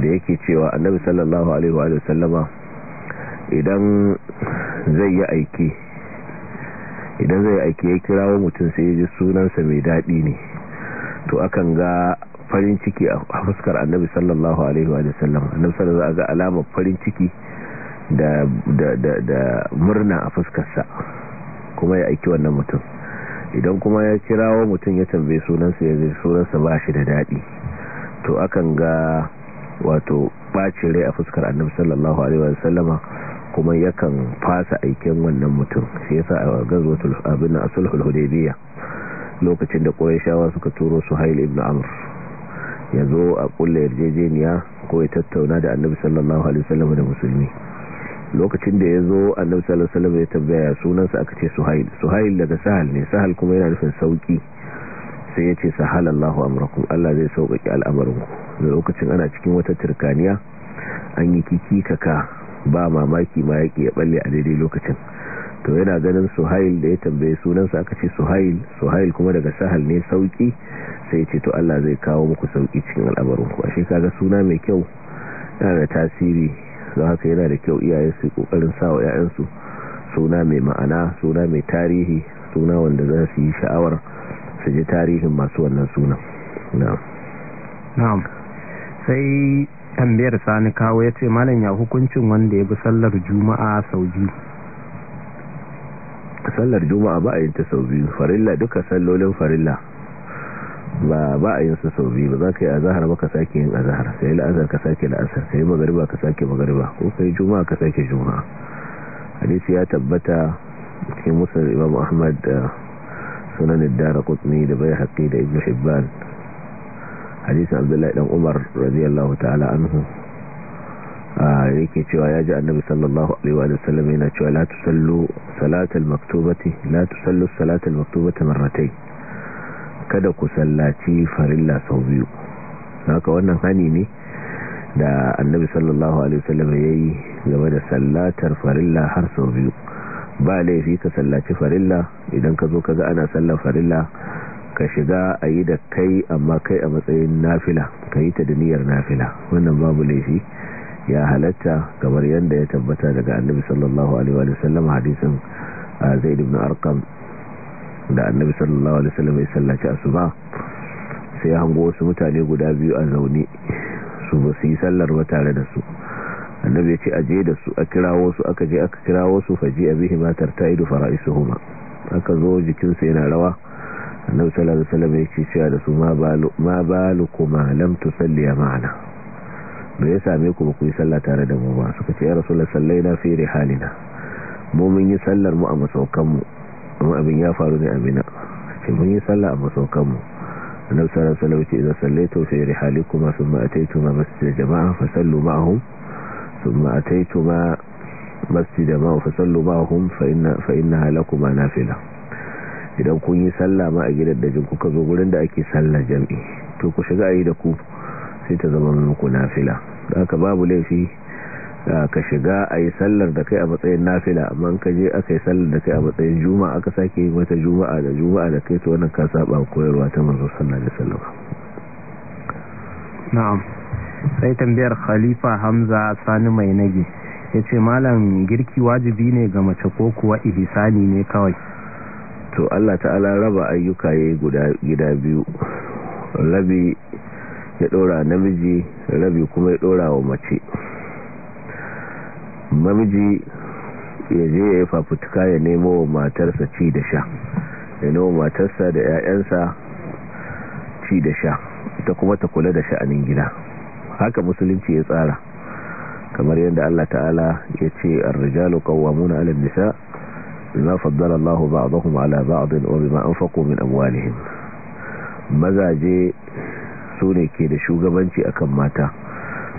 da yake cewa annabi sallallahu alaihi wa sallama idan zai yi aiki idan zai aiki ya kirawo mutum sai ya sunansa mai daɗi ne to akan ga farin ciki a fuskar annabi sallallahu alaihi wa sallam annabi sallallahu alaihi ga alamar farin ciki da da da da murna a fuskarsa kuma ya aiki wannan mutum idan kuma ya kirawo mutum ya tambaye sunansa ya zai sunansa ba shi da dadi to akan ga wato bacin rai a fuskar annabi sallallahu alaihi wa sallam kuma yakan fasa aikin wannan mutum shi yasa a gazwatul abin asulhul hudaybiyah lokacin da qurayshawa suka turo suhail ibn amr ya zo a kulle yarjejeniya ko ya tattauna da annabi sallallahu alaihi wasallam da musulmi lokacin da ya zo annabi sallallahu alaihi wasallam ya tambaya sunansa aka ce suhail suhail daga sahal ne sahal kuma yana nufin sauki sai ya ce sahalallahu amrakum Allah zai sauƙaƙe al'amarinku da lokacin ana cikin wata turkaniya an yi kiki kaka ba mamaki ma yake ya balle a daidai lokacin to yana ganin suhail da ya tambaye sunansa aka ce suhail suhail kuma daga sahal ne sauki sai ce to Allah zai kawo muku sauki cikin al'amarin ku ashe kaga suna mai kyau yana da tasiri don haka yana da kyau iyaye su kokarin sawa ya'yansu suna mai ma'ana suna mai tarihi suna wanda za su yi sha'awar su ji tarihin masu wannan sunan na'am na'am sai tambayar sani kawo ya ce malam ya hukuncin wanda ya bi sallar juma'a sau biyu sallar juma'a ba a yin ta sau biyu farilla duka sallolin farilla ba ba a yin su sau biyu ba za ka yi azahar ba ka sake yin azahar sai la'azar ka sake la'asar sai magariba ka sake magariba ko kai juma'a ka sake juma'a hadisi ya tabbata cikin musa imam ahmad sunan ad-dara da bai haƙi da ibn hibban hadisin abdullahi dan umar radiyallahu ta'ala anhu yake cewa ya ji annabi sallallahu alaihi wa sallam yana cewa la tusallu salatal maktubati la tusallu salatal maktubati marratayn kada ku sallaci farilla sau biyu haka wannan hani ne da annabi sallallahu alaihi sallam yayi game da sallatar farilla har sau biyu ba laifi ka sallaci farilla idan ka zo ka ga ana sallar farilla ka shiga ayi da kai amma kai a matsayin nafila ka yi ta da niyyar nafila wannan babu laifi ya halatta kamar yadda ya tabbata daga annabi sallallahu alaihi wa sallam hadisin ah, zaid ibn arqam da annabi sallallahu alaihi wa sallam ya sallaci asuba sai ya hango wasu mutane guda biyu a zaune su ba su yi sallar ba tare da su annabi ya ce a je da su a kirawo su aka je aka kirawo su faji a bihi matar ta idu fara'isuhuma aka zo jikinsu yana rawa annabi sallallahu alaihi wa sallam ya ce cewa da su ma balu kuma lam tusalli ma'ana da ya same ku ba ku yi sallah tare da mu ba suka ce ya rasulullahi sallaina fi rihalina mu mun yi sallar mu a masaukan mu amma abin ya faru ne amina ce mun yi sallah a masaukan mu annabi sallallahu alaihi wasallam ce idan sallaitu fi rihalikum thumma ma masjid jama'a fa sallu ma'ahum thumma ma masjid jama'a fa sallu ma'ahum fa inna fa innaha lakum nafila idan kun yi sallah ma a gidan da jin kuka zo gurin da ake sallar jami'i to ku shiga ayi da ku sai ta zama muku nafila da aka babu laifi da aka shiga a yi sallar da kai a matsayin nafila amma ka je aka yi sallar da kai a matsayin juma aka sake yi mata juma'a da juma'a da kai to wannan ka saba koyarwa ta manzo sallallahu alaihi wasallam na'am sai tambayar khalifa hamza sani mai nagi ya ce malam girki wajibi ne ga mace ko kuwa ihsani ne kawai to allah ta'ala raba ayyuka ya yi gida biyu rabi ya ɗora namiji rabi kuma ya dora wa mace namiji ya je ya yi fafutuka ya nemo wa matarsa ci da sha ya nemo matarsa da 'ya'yansa ci da sha ta kuma ta kula da sha'anin gida haka musulunci ya tsara kamar yadda Allah ta'ala ya ce ar-rijalu qawwamuna nisa na faddala Allah ba'dahum 'ala ba'd wa bima faƙo min amwalihim mazaje su ne ke da shugabanci akan mata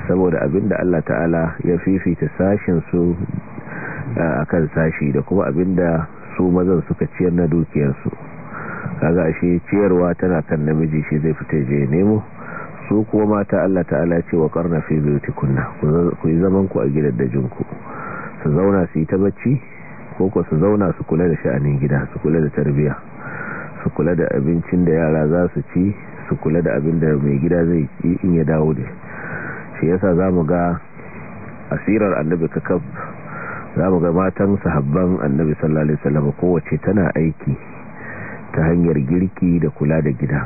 saboda abinda Allah ta'ala ya fifita sashin su eh, akan sashi da kuma abinda su mazan suka ciyar na dukiyarsu kaga shi ciyarwa tana kan namiji shi zai fita je nemo su kuma mata Allah ta'ala ce wa karna fi kunna ku yi zaman ku a dajin ku su zauna su yi ta bacci ko ku su zauna su kula da sha'anin gida su kula da tarbiyya su kula da abincin da yara za su ci su kula da abin da mai gida zai ci in ya dawo da shi yasa za mu ga asirar annabi kakaf za mu ga matan sahabban annabi sallallahu alaihi wasallam kowace tana aiki ta hanyar girki da kula da gida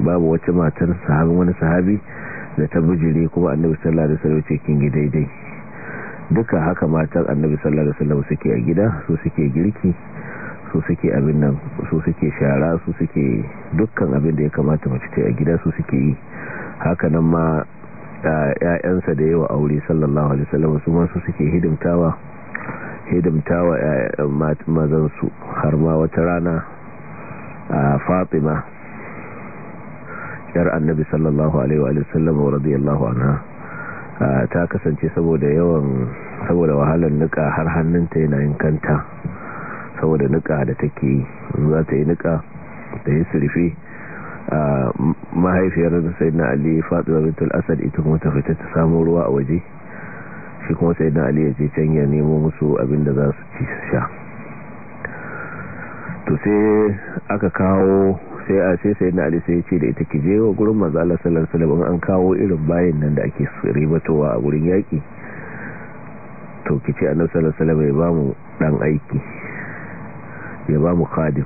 babu wace matar sahabin wani sahabi da ta bijire kuma annabi sallallahu alaihi wasallam ce kin daidai duka haka matan annabi sallallahu alaihi wasallam suke a gida su suke girki su suke abin nan su suke shara su suke dukkan abin da ya kamata mace ta a gida su suke yi hakanan ma ƴaƴansa da yawa aure sallallahu alaihi wasallam su ma su suke hidimtawa hidimtawa mazan su har ma wata rana Fatima yar annabi sallallahu alaihi wasallam radiyallahu anha ta kasance saboda yawan saboda wahalar nika har hannunta yana yin kanta saboda nika da take za ta yi nika da ya surfe a mahaifiyar sai na ali fatima bintul asad ita kuma ta fita ta samu ruwa a waje shi kuma sai na ali ya ce can ya nemo musu abin da za su ci sha to sai aka kawo sai a sai sai na ali sai ce da ita ki je wa gurin maza Allah sallallahu an kawo irin bayin nan da ake ribatowa a gurin yaki to ki ce annabi sallallahu alaihi wasallam ya ba mu dan aiki ya ba mu khadim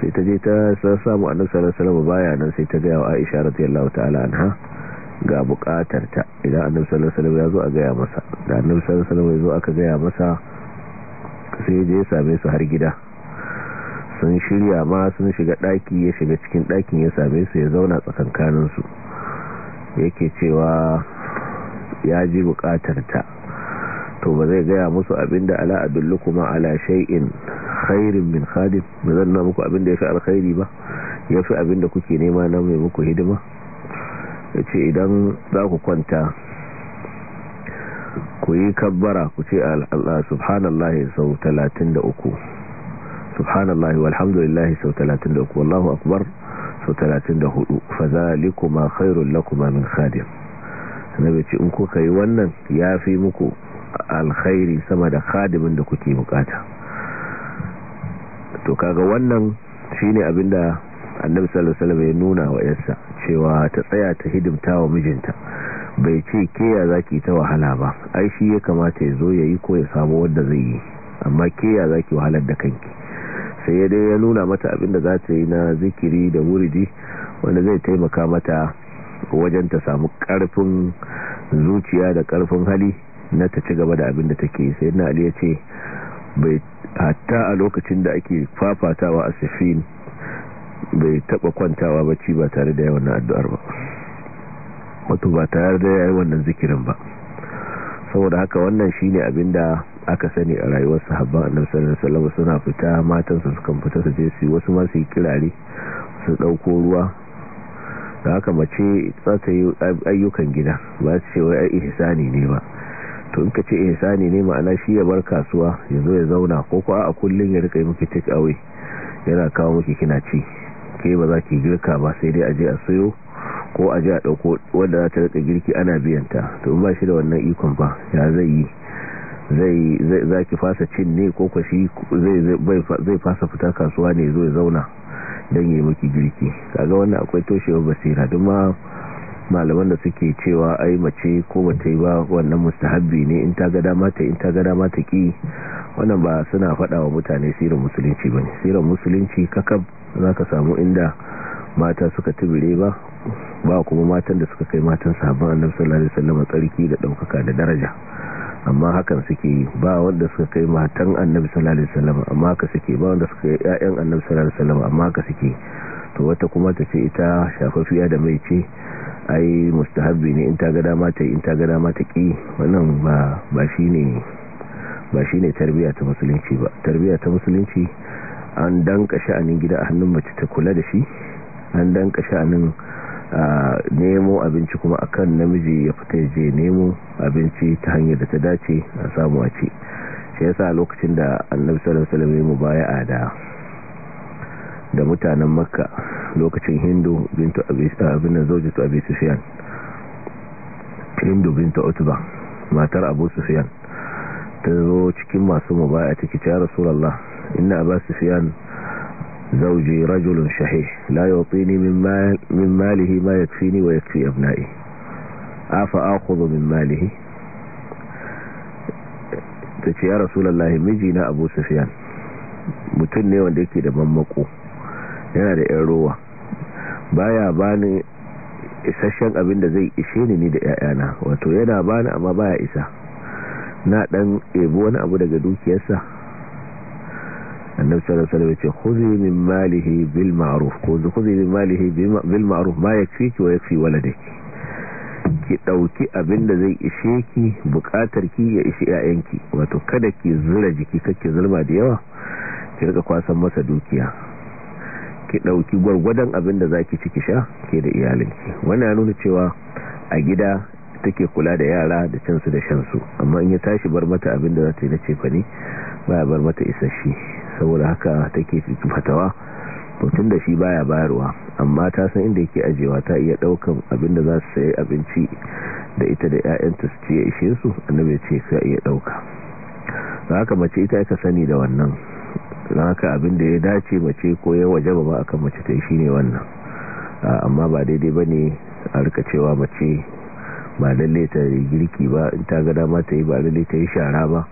sai ta je ta samu annabi sallallahu alaihi baya nan sai ta gaya wa Aisha radiyallahu ta'ala anha ga bukatar ta idan annabi sallallahu alaihi ya zo a gaya masa da annabi sallallahu alaihi ya zo aka gaya masa sai je ya same su har gida sun shirya ma sun shiga daki ya shiga cikin dakin ya same su ya zauna tsakankanin su yake cewa ya ji bukatar ta to ba zai gaya musu abinda ala adullukuma ala shay'in khairin min khadim ba zan na muku abinda yafi alkhairi ba yafi abinda kuke nema na mai muku hidima yace idan za ku kwanta ku yi kabbara ku ce Allah subhanallahi sau 33 subhanallahi walhamdulillahi sau 33 wallahu akbar sau 34 fazalikuma zalikuma khairul lakuma min khadim annabi ce in kuka yi wannan ya fi muku alkhairi sama da khadimin da kuke bukata to kaga wannan shine abinda annabi sallallahu alaihi wasallam ya nuna wa yarsa cewa ta tsaya ta hidimta wa mijinta bai ce ke ya zaki ta wahala ba ai shi ya kamata ya zo ya ko ya samu wanda zai yi amma ke ya zaki wahalar da kanki sai ya dai ya nuna mata abinda za ta yi na zikiri da wuridi wanda zai taimaka mata wajen ta samu karfin zuciya da karfin hali na ta ci gaba da abin da take sai na ali ya ce bai hatta a lokacin da ake fafatawa a sifin bai taba kwantawa bacci ba tare da yawan addu'ar ba wato ba tare da yayin wannan zikirin ba saboda haka wannan shine abin da aka sani a rayuwar sahabban annabi sallallahu alaihi wasallam suna fita matan su sukan fita su je su wasu ma su yi kirare su dauko ruwa da haka mace tsata ayyukan gida ba ce wai ai ihsani ne ba to in ka ce ihsani ne ma'ana shi ya bar kasuwa ya zo ya zauna ko ko a kullun ya rika yi miki take away yana kawo miki kina ci ke ba za ki girka ba sai dai aje a sayo ko aje a dauko wanda za ta rika girki ana biyan ta to ba shi da wannan ikon ba ya zai yi zai za ki fasa cin ne ko ko shi zai fasa fita kasuwa ne zo ya zauna don yi miki girki kaga wannan akwai toshewar basira duk malaman da suke cewa ai mace ko bata yi ba wannan mustahabbi ne in ta ga dama ta in ta ga dama ta ki wannan ba suna faɗa wa mutane sirrin musulunci bane sirrin musulunci kakab zaka samu inda mata suka tibire ba ba kuma matan da suka kai matan sahabban annabi sallallahu alaihi wasallam tsarki da daukaka da daraja amma hakan suke yi ba wanda suka kai matan annabi sallallahu alaihi wasallam amma haka suke ba wanda suka kai ƴaƴan annabi sallallahu alaihi wasallam amma haka suke to wata kuma ta ce ita shafafiya da mai ce ai mustahabbi ne in ta ga dama ta in ta ga dama ta ki wannan ba ba shine ba shine tarbiya ta musulunci ba tarbiya ta musulunci an danka sha'anin gida a hannun mace ta kula da shi an danka sha'anin nemo abinci kuma a kan namiji ya fita je nemo abinci ta hanyar da ta dace a samu a ce shi yasa lokacin da annabi sallallahu alaihi wasallam ya mubaya'a da da mutanen makka lokacin hindu bintu abin su abin sufiyan hindu bintu otuba matar abu sufiyan ta zo cikin masu mubaya take ta rasulullah ina ba sufiyan zauji rajulun shahi la ni min malihi ma ni wa yakfi abna'i fa'a akhudhu min malihi tace ya rasulullah miji na abu sufiyan mutum ne wanda yake da mammako yana da yan rowa baya bani isasshen abin da zai ishe ni ni da yayana wato yana bani amma baya isa na ɗan ebo wani abu daga dukiyarsa annabta da alaihi ce kuzi min malihi bil ma'ruf khudhi min malihi bil ma'ruf ma waladaki ki dauki abin da zai ishe ki bukatar ki ya ishe yayanki wato kada ki zura jiki kake zulma da yawa ki rika kwasan masa dukiya ki dauki gwargwadon abin da zaki ciki sha ke da iyalinki wannan ya nuna cewa a gida take kula da yara da cin da shansu amma in ya tashi bar mata abin da za ta yi na cefa ne baya bar mata isasshe saboda haka take fatawa mutum da shi baya bayarwa amma ta san inda yake ajiyewa ta iya daukan abin da za su sayi abinci da ita da 'ya'yanta su ce ya ishe su annabi ya ce ka iya dauka ba haka mace ita aka sani da wannan don haka abin da ya dace mace ko ya waje ba akan mace ta shi ne wannan amma ba daidai ba ne a rika cewa mace ba lalle ta yi girki ba in ta gada ma ta yi ba lalle ta yi shara ba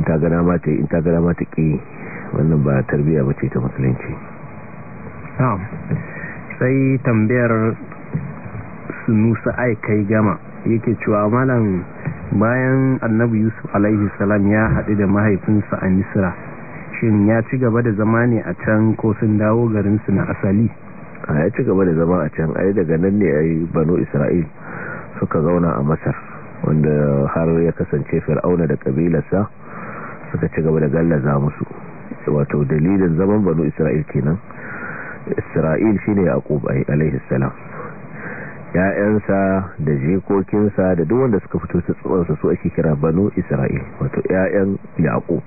in ta gada ma ta yi in ta gada ma ta wannan ba tarbiyya ba ce ta musulunci sai tambayar ai kai gama yake cewa malam bayan annabi yusuf alaihi salam ya haɗu da mahaifinsa a misira shin ya ci gaba da zama ne a can ko sun dawo garin su na asali a ya ci gaba da zama a can ai daga nan ne ai banu isra'il suka zauna a masar wanda har ya kasance fir'auna da kabilarsa suka ci gaba da gallaza musu wato dalilin zaman banu isra'il kenan isra'il shine yaqub alaihi salam ya'yansa da jikokinsa da duk wanda suka fito su tsuwansa su ake kira banu isra'il wato ya'yan yaqub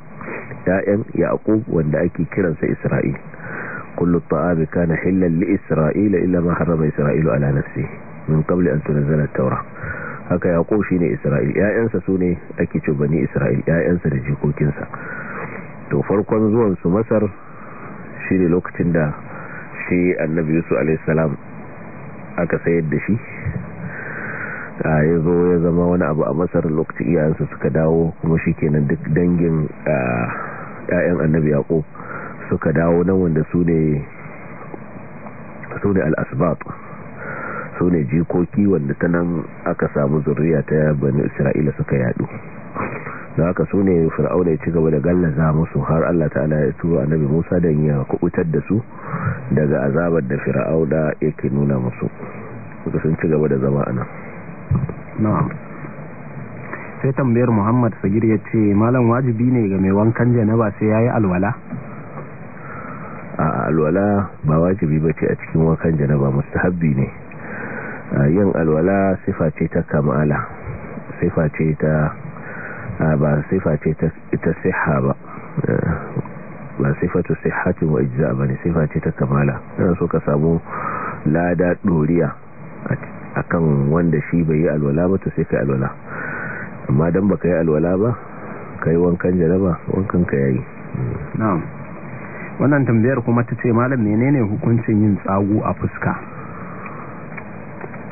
ya'yan yaqub wanda ake kiransa isra'il kullum ta'ami kana hillan li isra'ila illa ma harrama isra'ilu ala nafsihi min kabli an tunzala at-taura haka yaqub shine isra'il ya'yansa sune ake ce bani isra'il ya'yansa da jikokinsa to farkon zuwan su masar shine lokacin da shi annabi yusuf alaihi salam aka sayar da shi ya zo ya zama wani abu a masar lokaci iyayensu suka dawo kuma shi kenan duk dangin ‘ya'yan annabi yaƙo suka dawo nan wanda su ne al'asbab su ne jikoki wanda ta nan aka samu zurriya ta bani isra'ila suka yadu da haka su ne fir'auna ya ci gaba da gallaza musu har allah ta'ala ya turo annabi musa don ya kubutar da su daga azabar da fir'auna yake nuna musu sun ci gaba da zama a nan na'am sai tambayar muhammad sagir ya ce malam wajibi ne ga mai wankan janaba sai ya yi alwala a alwala ba wajibi ba ce a cikin wankan janaba mustahabbi ne yin alwala sifa ce ta kamala sifa ce ta ba sifa ce ta siha ba ba sifatu sihhatin wa ijza bane sifa ce ta kamala yana so ka samu lada doriya akan wanda shi bai yi alwala ba to sai kai alwala amma dan baka yi alwala ba kai wankan jaraba wankan ka yayi na'am wannan tambayar kuma ta ce malam menene hukuncin yin tsago a fuska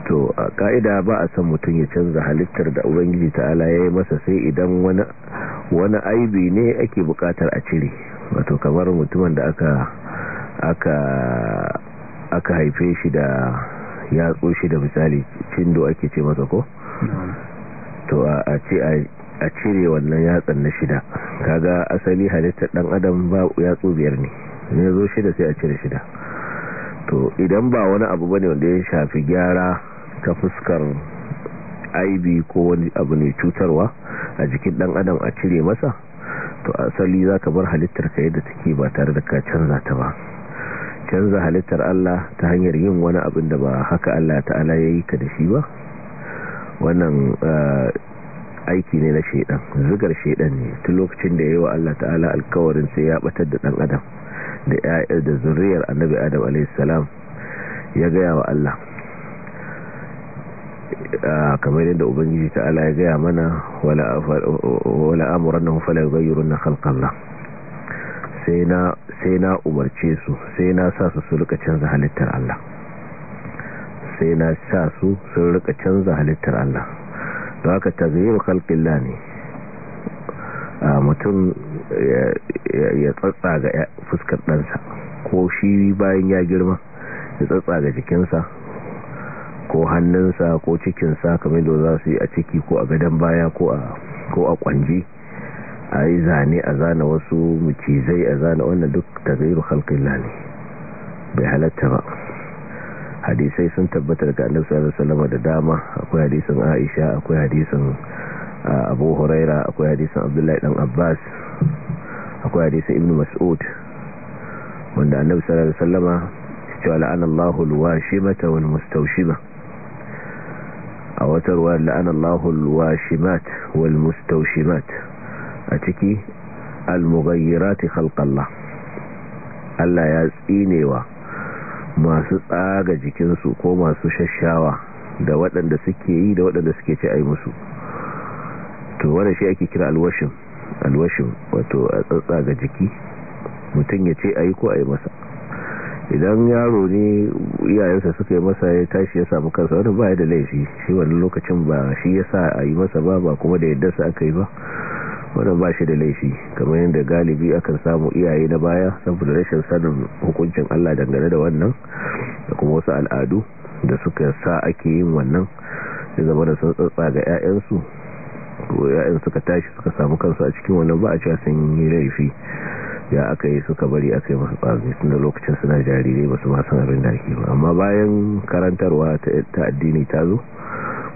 to a ka'ida ba a san mutum ya canza halittar da ubangiji ta'ala ya yi masa sai idan wani wani aibi ne ake bukatar a cire wato kamar mutumin da aka aka aka haife shi da ya tsoshi da misali cindo ake ce masa ko to a ce a cire wannan yatsan na shida kaga asali halittar dan adam ba yatsu biyar ne ne zo shida sai a cire shida to idan ba wani abu bane wanda ya shafi gyara ta fuskar aibi ko wani abu ne cutarwa a jikin dan adam a cire masa to asali zaka bar halittar ka yadda take ba tare da ka canza ta ba canza halittar Allah ta hanyar yin wani abin da ba haka Allah ta'ala ya yi ka da shi ba wannan eh, aiki ne na shaidan zugar shaidan ne tun lokacin da ya yi wa Allah ta'ala alkawarin sai ya batar da dan adam da da zuriyar annabi adam alaihissalam ya gaya wa Allah eh, kamar yadda ubangiji ta'ala ya gaya mana wala amuran na amurannahum fala na khalqallah sai na umarce su sai na sa su su rika canza halittar Allah sai na sa su su rika canza halittar Allah don haka tazyiru khalqillah ne a mutum ya tsatsa ga fuskar ɗansa ko shi bayan ya girma ya tsatsa ga jikinsa ko hannunsa ko cikinsa kamar da za su yi a ciki ko a gadon baya ko a kwanji a yi zane a zana wasu mucizai a zana wannan duk tagairu halƙin lani bai halatta ba hadisai sun tabbatar daga annabi sallallahu alaihi da dama akwai hadisin Aisha akwai hadisin Abu Huraira akwai hadisin Abdullahi dan Abbas akwai hadisin Ibn Mas'ud wanda annabi sallallahu alaihi wasallama cewa la'ana Allahu al-washimata wal mustawshima a wata ruwa la'ana Allahu al wani wal mustawshimat a ciki al-mughayyirati khalqallah Allah ya tsinewa masu tsaga jikinsu ko masu shashawa da waɗanda suke yi da waɗanda suke ci ai musu to wannan shi ake kira alwashin alwashin wato a tsatsaga jiki mutum ya ce ayi ko ai masa idan yaro ne iyayensa suka yi masa ya tashi ya samu kansa wani ba ya da laifi shi wani lokacin ba shi ya sa a yi masa ba ba kuma da yadda sa aka yi ba wanda ba shi da laifi kamar yadda galibi akan samu iyaye na baya saboda rashin sanin hukuncin Allah dangane da wannan da kuma wasu al'adu da suka sa ake yin wannan da zama da sun tsatsa ga 'ya'yansu ko 'ya'yan suka tashi suka samu kansu a cikin wannan ba a cewa sun yi laifi ya aka yi suka bari aka yi masu tun da lokacin suna jarirai ba su masu abin da ake ba amma bayan karantarwa ta addini ta zo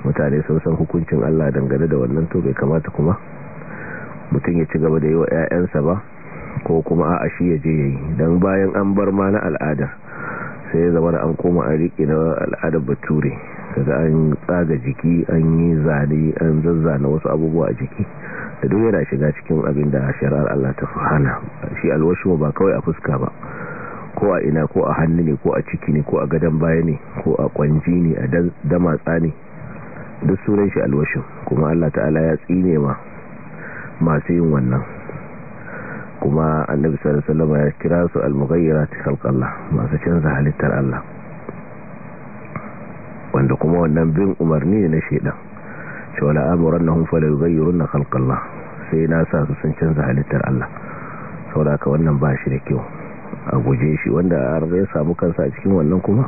mutane sun san hukuncin Allah dangane da wannan to bai kamata kuma mutum ya ci gaba da yi wa 'ya'yansa ba ko kuma a shi ya je yayi don bayan an bar ma na al'ada sai zama da an koma a riƙe na al'adar bature kaga an tsaga jiki an yi zane an zazzana wasu abubuwa a jiki da duk yana shiga cikin abin da shari'ar Allah ta hana shi alwashi ba kawai a fuska ba ko a ina ko a hannu ne ko a ciki ne ko a gadon baya ne ko a kwanji ne a damatsa ne duk sunan shi alwashin kuma Allah ta'ala ya tsine ma masu yin wannan kuma annabi sallallahu alaihi ya kira su al-mughayyirat khalqallah masu canza halittar Allah wanda kuma wannan bin umarni ne na shedan cewa la amurannahum fala na khalqallah sai na sa su sun canza halittar Allah saboda wannan ba shi da kyau a guje shi wanda har zai samu kansa a cikin wannan kuma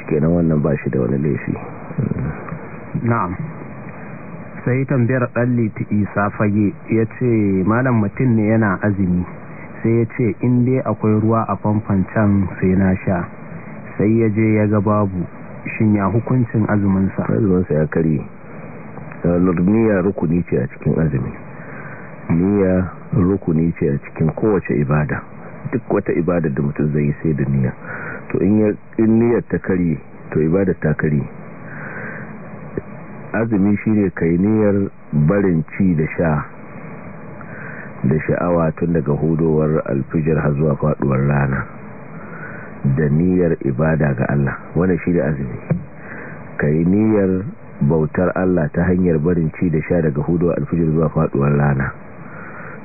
shikenan wannan ba shi da wani laifi na'am sai tambayar dalli ta isa fage ya ce malam mutum ne yana azumi sai ya ce inda akwai ruwa a famfan can sai na sha sai ya je ya ga babu shin ya hukuncin azuminsa azuminsa ya kare niyya rukuni ce a cikin azumi niyya rukuni ce a cikin kowace ibada duk wata ibada da mutum zai sai da niyya to in niyyar ta kare to ibada ta kare azumi shi kai niyyar barin ci da sha da sha'awa tun daga hudowar alfijar har zuwa faduwar rana da niyyar ibada ga Allah shi da azumi kai niyyar bautar Allah ta hanyar barin ci da sha daga hudowar alfijar zuwa faduwar rana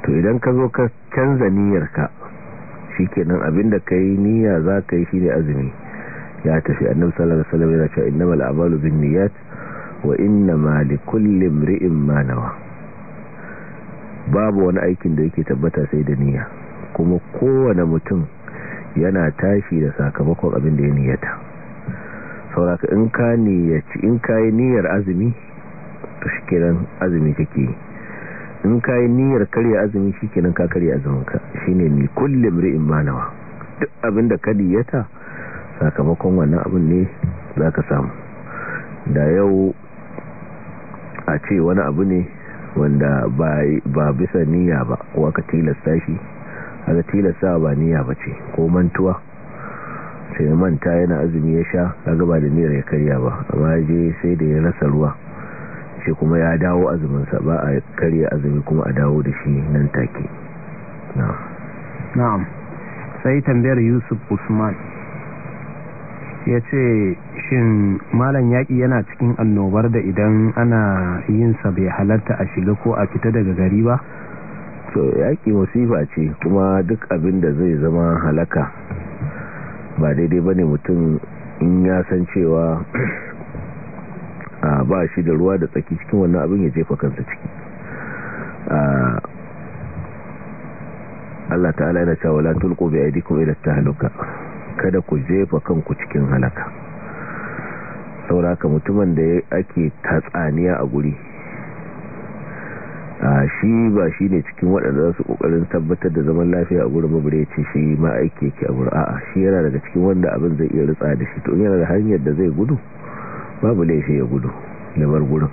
to idan ka zo ka canza niyyarka kenan abinda kai niyya za ka yi shi da azumi ya tafi annabi sallallahu da wasallam yana cewa innamal bin niyyar. wa inna ma li kulli imri'in ma nawa babu wani aikin da yake tabbata sai da niyya kuma kowane mutum yana tashi da sakamakon abin da ya niyyata sauraka in ka niyyaci in ka yi niyyar azumi to shikenan azumi kake yi in ka yi niyyar karya azumi shikenan ka karya azuminka shine ni kulli imri'in ma nawa duk abin da ka niyyata sakamakon wannan abin ne zaka samu da yau a ce wani abu ne wanda ba bisa niyya ba ko aka tilasta shi aka tilasta ba niyya ba ce ko mantuwa sai manta yana azumi ya sha kaga ba da niyar ya karya ba amma je sai da ya rasa ruwa ce kuma ya dawo azuminsa ba a karya azumi kuma a dawo da shi nan take na'am sai tambayar yusuf usman ya ce shin malan yaƙi yana cikin annobar da idan ana yin sa bai halarta a shiga ko a fita daga gari ba? to yaƙi wasifa ce kuma duk abin da zai zama halaka ba daidai ba ne mutum in ya san cewa ba shi da ruwa da tsaki cikin wannan abin ya jefa kansa ciki Allah ta'ala yana cewa la tulqu bi aydikum ila tahluka kada ku jefa kanku cikin halaka sauraka mutumin da ake tatsaniya a guri a shi ba shi ne cikin waɗanda su ƙoƙarin tabbatar da zaman lafiya a gurin mabire ce shi ma'aiki yake a guri a'a shi yana daga cikin wanda abin zai iya ritsa da shi to yana da hanyar da zai gudu babu laifi ya gudu da bar gurin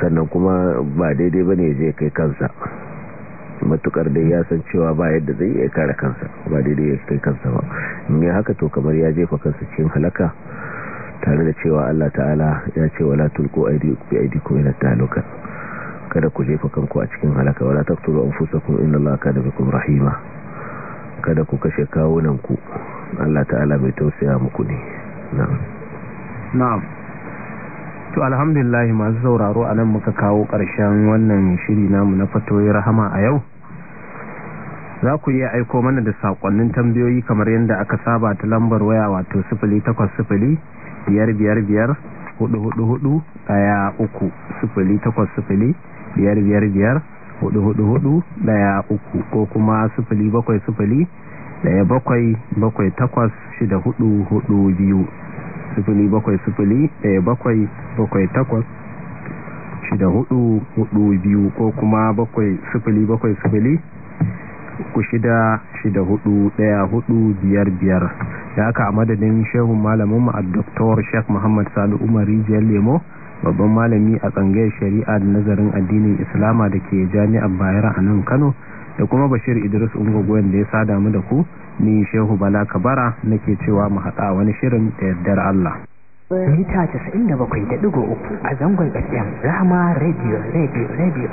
sannan kuma ba daidai ba ne zai kai kansa matukar da ya san cewa ba yadda zai iya kare kansa ba daidai ya kai kansa ba in ya haka to kamar ya jefa kansa cikin halaka tare da cewa Allah ta'ala ya ce wala tulqu aydikum aydikum ila taluka kada ku jefa kanku a cikin halaka wala taqtulu anfusakum inna Allaha kana bikum rahima kada ku kashe kawunanku Allah ta'ala bai tausaya muku ne na'am na'am to alhamdulillah masu sauraro a nan muka kawo ƙarshen wannan shiri namu na fatoyi rahama a yau za ku iya aiko mana da sakonnin tambayoyi kamar yadda aka saba ta lambar waya wato sifili takwas sifili biyar biyar biyar hudu 3 ko kuma sifili bakwai sifili daya sifili bakwai sifili ɗaya eh, bakwai bakwai takwas shida hudu hudu biyu ko kuma bakwai sifili bakwai sifili uku shida shida hudu daya hudu biyar biyar da aka a madadin shehun malamin a doktor sheikh muhammad salu umar rijiyar lemo babban malami a tsangayar shari'a da nazarin addinin islama da ke jami'an bayar a nan kano da kuma bashir idris ungogoyen da ya sada mu da ku ni shehu bala kabara nake cewa mu haɗa wani shirin da yardar Allah mita 97.3 a zangon fm Rama radio radio radio